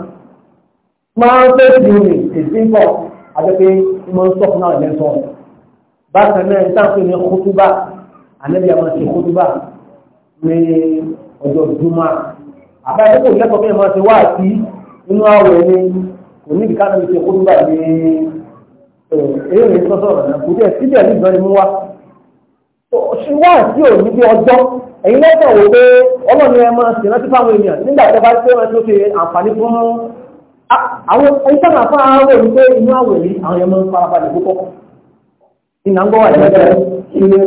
máa ń fèsì ní èsì pọ̀ àgbẹ̀pẹ́ ìmọ̀ ń sọ̀kún náà lẹ́sọ̀ bákan náà ń sáfẹ́ ní kútúbà ànábì àwọn ṣe kútúbà ní ọjọ́ jùmọ̀ àbáyé kò lẹ́kọ̀ọ́ bí wọ́n ṣe wá sí inú àwẹ̀ ni kò ní ìdíkà náà ṣe kútúbà ní èyí rẹ̀ sọ́sọ̀rọ̀ náà kò dé síbẹ̀ nígbà ni mú wa ṣùgbọ́n àti òní bí ọjọ́ ẹ̀yin lọ́sọ̀ wò pé ọlọ́ni ẹ máa sì rántí fáwọn èèyàn nígbà tó bá pé wọn tó ṣe àǹfààní fún àwọn ẹ̀yin fún àárọ̀ ní pé inú àwẹ̀ rí àwọn èèyàn máa ń púpọ̀ ń gbọ́ wà lẹ́gbẹ̀ẹ́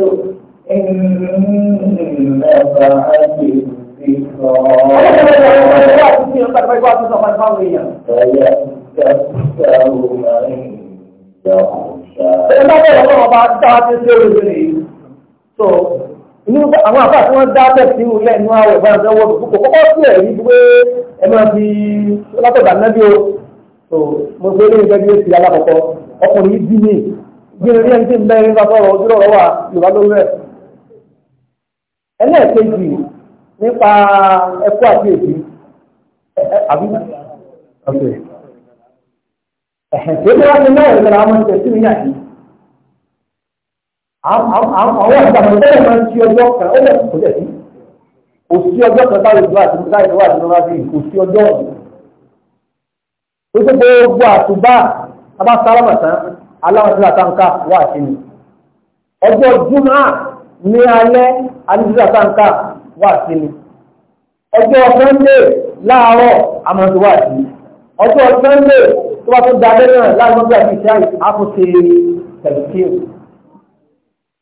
ó inú àwọn àbá tí wọ́n dá bẹ́ẹ̀ sí ilé inú àwẹ̀ bá ọ̀dọ́ wọ́n kò kọ́kọ́ sí ẹ̀ yí pé ẹ máa fi látọ̀dà nábí o tó mo gbé lórí gẹ́gẹ́ bí ó ti alákọ̀ọ́kọ́ ọkùnrin yìí dí mi bí orí ẹni tí ń bẹ́ nípa fọ́rọ̀ ojú ọ̀rọ̀ wà yorùbá ló rẹ̀ ẹlẹ́ẹ̀kejì nípa ẹ̀kọ́ àti èdè àbí ọ̀sẹ̀ ẹ̀hẹ̀ tó bá ní náà ìlànà àwọn ìṣẹ̀sí mi yàtí àwọn ìgbàgbọ́ tẹ́lẹ̀ máa ń tí ọjọ́ kan ó lẹ̀ kò lẹ̀ sí kò sí ọjọ́ kan táwọn ìlú àti nígbà ìlú àti nígbà bíi kò sí ọjọ́ ọ̀hún. ó ṣe gbogbo àtúbà abá sálámà tán aláwọ̀sílà táǹkà wà sí ni ọjọ́ júmọ́ ní alẹ́ alísílà táǹkà wà sí ni ọjọ́ sọ́ndé láàárọ̀ àmọ́tò wà sí ni ọjọ́ sọ́ndé tó bá tó dalẹ́ náà láàárọ̀ bí àti ìṣe àkóso tẹ̀síkì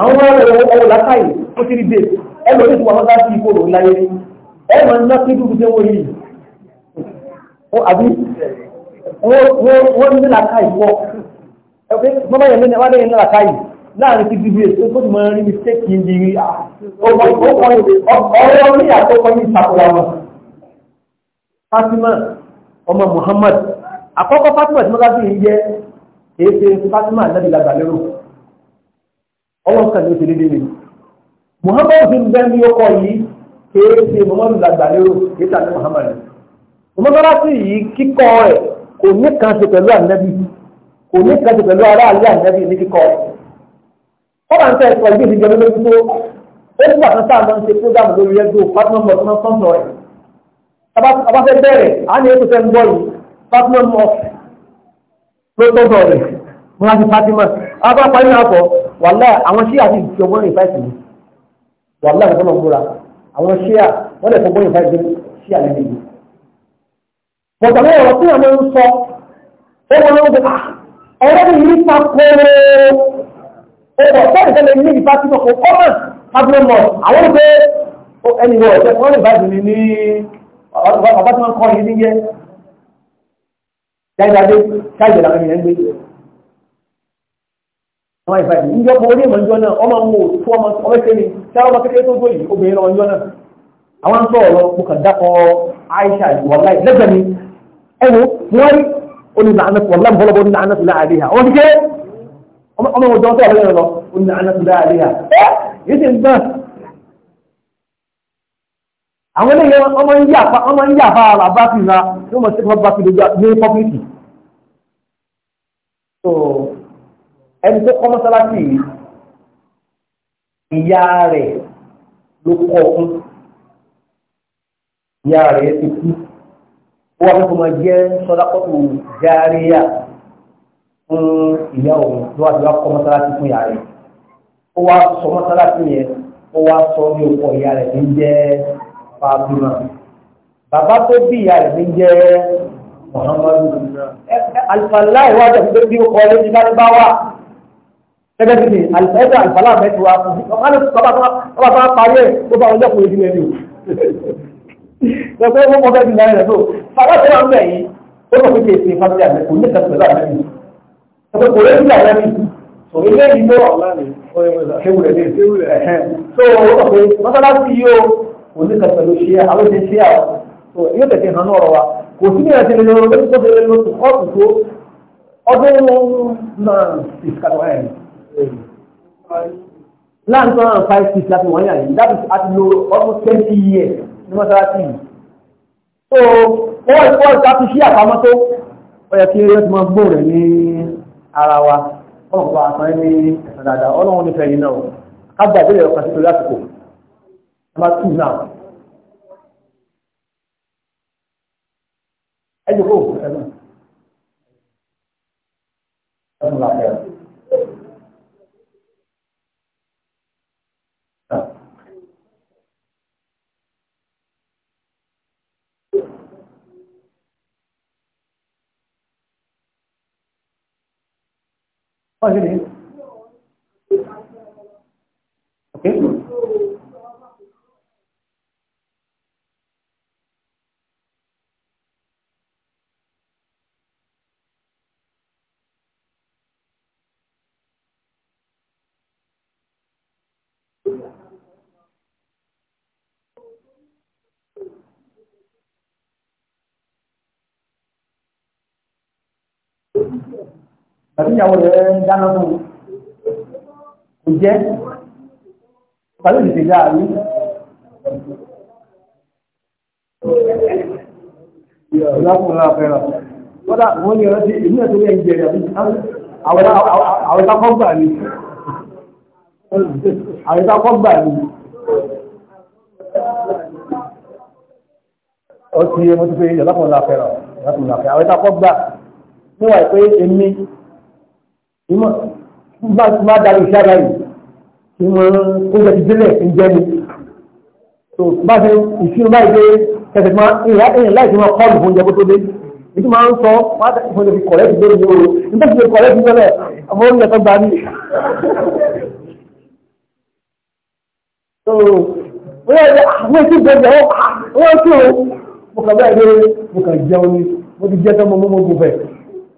àwọn ọ̀rọ̀ látàrí ó ti rí bèèrè ẹgbẹ̀ tó ti láti ikú òun láyé ẹgbẹ̀ ńlá tí wọ́n yìí àbí wọ́n ní látàrí wọ́ ẹgbẹ́ lẹ́nà látàrí láàrin ti èso tó ti mọ́ rí mistake ń di rí ọ̀rọ̀ ní àkọ́kọ́ ní ọlọ́run kan ní ó ti lé délé muhammad ti ń bẹ́ ní ọkọ̀ yìí kìí ṣe muhammad làgbà lérò kìí ṣàní muhammad mọ́sálásí yìí kíkọ́ rẹ̀ kò ní kan ṣe pẹ̀lú ànábì kò ní kan ṣe pẹ̀lú aráàlú ànábì ní kíkọ́ rẹ̀ ọ̀rọ̀ àǹtẹ̀ ẹ̀kọ́ ìgbé ìdíjọ lórí tó ó nígbà kan sáà máa ń ṣe program lórí ẹgbẹ́ fatima mọ̀tún máa ń sọ̀rọ̀ ẹ̀ abáfẹ́ bẹ̀rẹ̀ á ní ètò sẹ́ńgbọ́ yìí fatima mọ̀ ló tọ́ sọ̀rọ̀ rẹ̀ mo láti fatima abá parí náà kọ́ wàlá àwọn ṣíà ti fi ọgbọ́n rìn fáìsì mi wàlá ìfọ́nà múra àwọn ṣíà wọ́n lè fọgbọ́n rìn fáìsì ṣíà lè nìyí. bọ̀dọ̀ náà ọ̀rọ̀ tí àwọn ń sọ ó wọn lọ́wọ́ ah, ọ̀rọ̀ mi yìí ta kóró ọ̀rọ̀ tó ìṣẹ̀lẹ̀ ní ìfà tí kò kọ́mọ̀ tábìlì mọ̀ àwọn ìgbé ẹni wọ̀ ọ̀ṣẹ́ wọ́n lè báyìí mi ní ọ̀bá tí wọ́n kọ́ yìí níyẹ àwọn ìfàdí ń jọ́pọ̀ orí ìmọ̀ ìjọ náà ọmọ àwọn òtútù ọmọ ọmọkẹ́ ni tí àwọn ọmọkẹ́ tó gbé yìí obìnrin lọ ìjọ náà àwọn ń sọ̀rọ̀ mo kàn dákọ̀ Aisha ìwọ̀lá ìlẹ́gbẹ̀ẹ́ mi ẹnu wọ́n rí onílànàtò wọ́n lẹ́nu bọ́lọ́bọ́ onílànàtò láàrin ha wọ́n ti gé ọmọ òjò tó ọ̀rẹ́ lọ onílànàtò láàrin ha yìí ti ń gbọ́n àwọn ilé ọmọ ń yà fa àbá fi ra ní ọmọ sí ẹni tó kọ́ mọ́sálásí yìí ìyá rẹ̀ ló kọ́ ọkún ìyá rẹ̀ ti kú ó wà fún ọmọ jẹ́ sọ́dákọ́tù járíyà fún ìyá òun ló wà tí wọ́n kọ́ mọ́sálásí fún ìyá rẹ̀ ó wá sọ mọ́sálásí yẹn ó wá sọ ní òkò ìyá rẹ̀ ní jẹ́ Fatima bàbá tó bí ìyá rẹ̀ ní jẹ́ Muhammadu alifalayi wájú àti tó bí ó kọ́ lé ní lárúbáwá gẹ́gẹ́ bí alifẹ́dà alifàlà mẹ́tò wa kù ọba tó wá parí ẹ̀ tó bá ọjọ́ kùnrin sílẹ̀ ní o pẹ̀lú ọmọ bẹ́ẹ̀ bí lára rẹ̀ tó fàdá tó wà ń bẹ̀ yìí ó lọ fún kéèké fásitì àmì kò ní kẹsàn-án pẹ̀lú àmì ọ̀pọ̀ kò lẹ́yìn ìgbà lẹ́yìn tó ilé yìí mọ́ kéwùrẹ̀ ní tó ọ̀pọ̀ mọ́sálásí yóò kò ní kẹsàn-án ló ṣe àwọn ṣe ṣe àwọn yóò tẹ̀sí hàn kò sí ní ẹ̀sìn lórí ọdún tó fẹ́ lórí ọdún ọdún náà ìsìkàtọ̀ ẹ̀yìn láàrín two hundred five six láti wọ́n yà yìí láti àti lo almost twenty years ní mọ́sálásí yìí so owó ìfọ́ ìta ti ṣí àpamọ́ tó ó yẹ kí ó ti máa gbóòrè ní ara wa ọlọ́pàá àtàn ní ẹ̀sán dáadáa ọlọ́run nífẹ̀ẹ́ yìí náà ká gba ìbéèrè ọkàn sí torí àsìkò number two now ẹ jòkó ẹ̀sán ẹ̀sán làkẹ́rẹ́. What is it? Thank you àti ìyàwó rẹ̀ dáná fún kò jẹ́ pàdé ìdìbò dáàrí ìlàkùnlá fẹ́ràn kódà wọ́n ní ọ̀rọ̀ sí ìlú ẹ̀ tó yẹ ìjẹ̀rẹ̀ àwẹ̀takọ́gbà ni àwẹ̀takọ́gbà ni ó ti yẹ mọ́ tó fẹ́ ìlàkùnlá fẹ́ràn àwẹ̀takọ́gbà níwà ìpé èmi ìmọ̀ nígbà tí máa darí iṣẹ́ ara yìí ìmọ̀ oúnjẹ ti délẹ̀ ń jẹ́ ni tó bá ṣe ìṣirò báyìí pé kẹsẹ̀ máa ìyá èèyàn láìsí máa kọ́ọ̀lù fún oúnjẹ kó tó dé ìdí máa ń sọ wá ìfọ̀njẹ fi kọ̀rẹ́ ti lórí oòrùn nígbà tí kọ̀rẹ́ ti lọ́lẹ̀ ọmọ oúnjẹ tó gba ní. wọ́n ti gbẹ̀gbẹ̀ wọ́n tó mo kàn bẹ́ẹ̀ dé mo kàn jẹun ni mo ti jẹ́ tán mo mú mo gùn fẹ̀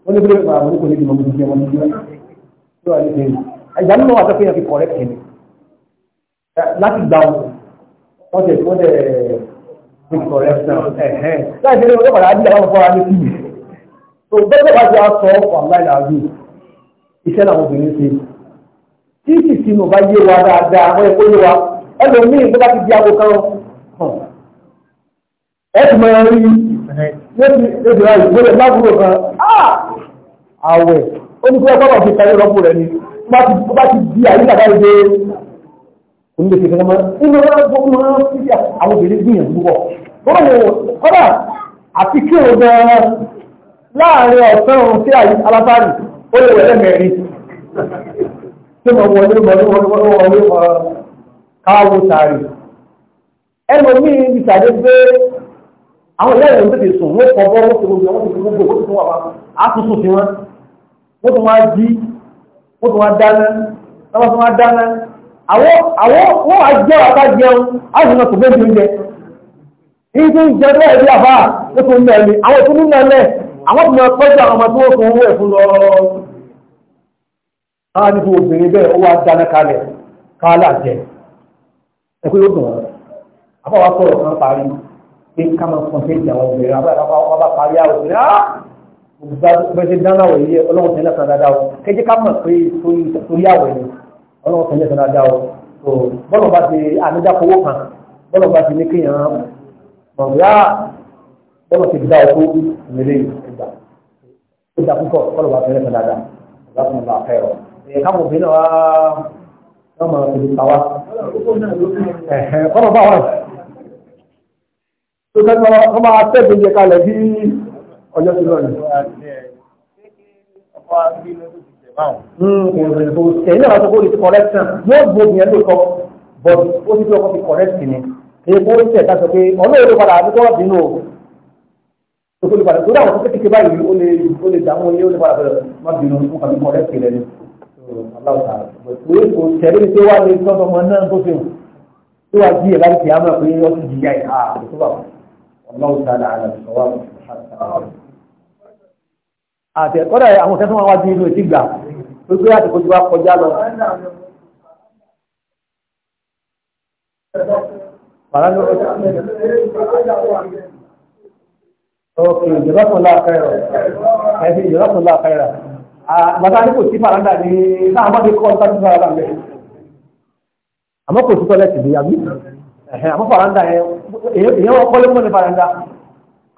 wọ́n ní pé àwọn oníkòlè ti mọ̀ mo ti jẹun mo ti jẹun tó wà níbi ìjà nínú wà tó fi hàn fi kọ̀rẹ́kì ni láti gbà wọ́n tẹ̀ wọ́n tẹ̀ fi kọ̀rẹ́kì náà ẹ̀hẹ́n láì fi ní ọjọ́ padà ájíjà láwọn fọ́ra ní kí ni tó bẹ́ẹ̀ bá ti sọ ọkọ̀ àmàlà àbí iṣẹ́ làwọn obìnrin ṣe tí sì sínú bá yé wa dáadáa wọ́n yẹ kó yé wa ẹlòmíì tó bá ti di aago kan ah! ẹ̀sùn ó ní kí wọ́n kọ́kọ́ fi kẹrẹ rọ́pò rẹ̀ ni bá ti di àyíká báyìí dé onílé kẹkẹ mọ́ inú wọn gbogbo wọn fi ṣe àwọn obìnrin gbìyànjú pọ̀ bọ́ọ̀ ni kọ́dà àti kí o gan láàrin ọ̀sán òun sí alábárì ó lè wẹ̀lẹ́ mẹ́rin tí mo wọlé wọlé wọlé wọlé káwọ́ sáré ẹlòmíì ní ìtàgé pé àwọn ìyá ìyẹn ń tètè sùn wọ́n kọ́ bọ́ wọ́n ti gbogbo wọ́n ti gbogbo wọ́n ti fún wa àtúntò sí wọn. wọ́n tún wá jí wọ́n tún wá dáná wọ́n tún wá dáná àwọn wọ́n wá jẹ́ wàtá jẹun áṣùnà kò bẹ́ẹ̀ oúnjẹ èyí tó ń jẹ bẹ́ẹ̀ àbá ó tún mẹ́lẹ̀ àwọn tó mẹ́lẹ̀ àwọn tó máa pẹ́jọ àwọn ọmọ tí wọ́n fún ẹ̀ fún lọ nípa obìnrin bẹ́ẹ̀ ó wá dáná kalẹ̀ kálà jẹ yóò dùn àbáwá sọ̀rọ̀ bẹ́sẹ̀ dáná wọ̀ yìí ọlọ́run tẹ̀lé kan dáadáa o kẹjẹ ká mọ̀ pé torí àwẹ̀ ni ọlọ́run tẹ̀lé kan dáadáa o tó bọ́lọ̀ bá ti ànídàkọwọ́ kan bọ́lọ̀ bá ti ní kéèyàn mọ̀gbá bọ́lọ̀ ti dá oko ìrèlè ìgbà ó dà púpọ̀ bọ́lọ̀ bá tẹ̀lé kan dáadáa ọ̀gá fún ọba afẹ́ rọ. ẹ̀yẹ ká mọ̀ bí náà wọ́n máa tẹ̀lé pa wá. kọ́nà bá wà ọjọ́ tí lọ́nà. Ẹ̀yìn náà sọ pé it's correction yóò gbó obìnrin ló sọ but ó ti fi ọkọ fi correct ni èyí kó tẹ̀ ká sọ pé ọ̀nà èrò padà àbí tọ́wọ́ bínú o. Òṣèlú padà tó dáwọn tó kékeré báyìí ó lè ó lè dààmú ilé ó lè padà bẹ̀rẹ̀ má bínú fún kàbí correct rẹ̀ ni. Aláwọ̀ sàrà. Òye kò tẹ̀lé ní pé wá lè tọ́ ọmọ náà tó fi hàn. Tí wàá jí ẹ̀ láti kìí àmọ́ pé ó ti jìyà ẹ̀ ha àbùkù bàbá. Aláwọ̀ sàrà àlàbùsọ̀ wà àti ẹ̀kọ́dà àwọn kẹsàn wá di inú ìtì gbà gbogbo àti kojú wa kọjá lọ. ok ìjọba kan láàkàrà ẹ̀sìn ìjọba kan láàkàrà bàtà ní kò sí faranda ní náà má ti kọ́ ọ́n tàbí faranda mẹ́rin àmọ́ kò sí tọ́lẹ̀tì ní àbí àmọ́ faranda yẹn èèyàn wọ́n kọ́lé mọ́ ní faranda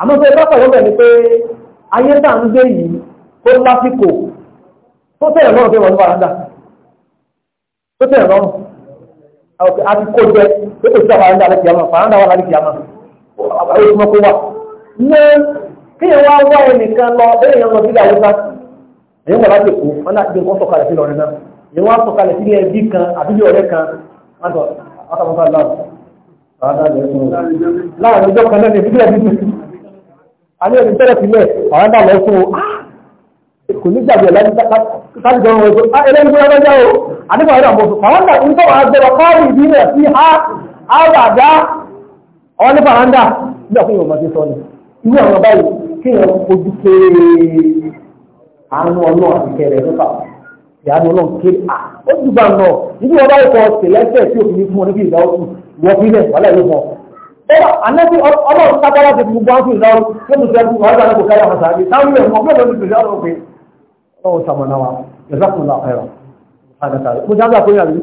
àmọ́ fẹ́ẹ́ bá ni pé ayé tá ń gbé yìí ó lásìkò tó tẹ̀yẹ̀ lọ́rùn pé wọ́n ní wàràndà tó tẹ̀yẹ̀ lọ́rùn àti kó jẹ pé kò sí àwàràndà alẹ́ kìyàmà fàràndà wà lálẹ́ kìyàmà àwọn ìtumọ̀ kó wà. ní kéèyàn wá wá ẹnìkan lọ bẹ́ẹ̀ yẹn lọ sílẹ̀ àyíká èyí wà láti kú wọn náà gbé wọn sọ̀kalẹ̀ sí lọrin náà èyí wọn sọ̀kalẹ̀ sí ẹbí kan àbílẹ̀ ọ̀rẹ́ kan wọn sọ àtàwọn fà láàrín láàrín ọjọ́ kan náà ní ìbílẹ̀ bíbí àlẹ́ ẹni tẹ́lẹ̀ sílẹ̀ ọ̀rẹ́ bá lọ fún o ah, kò ní gbàgbé láti jọ wọn ẹgbẹ́ ah, ẹlẹ́ni tó lọ́jọ́ o àdébọ̀ ẹ̀rọ àmọ́ fàwọ́ndà ń tọ́ wọn agbẹ́rọ káàrí ìdí rẹ̀ sí ha àwàdá ọwọ́ ní fàwọ́ndà ní ọkùnrin ọmọdé sọ ni irú àwọn báyìí kí wọn ojú pé àánú ọlọ́ àtikẹ̀rẹ̀ nípa ìyáàánú ọlọ́run kí à ah, ó dùgbà náà irú ọba ìkọ̀ tẹ̀lẹ́sẹ̀ tí òfin fún ọ anabi ọlọ́run sábàlá ti gbogbo àwọn ìlà ọ̀rọ̀ tó ṣe kú ọ̀rọ̀ àti òkè àwọn táwọn ilé ọmọ mẹ́lẹ̀ olùgbèsè ọ̀rọ̀ pé ọ̀rọ̀ sàmọ̀nà wa ẹ̀zá kùnà ẹ̀rọ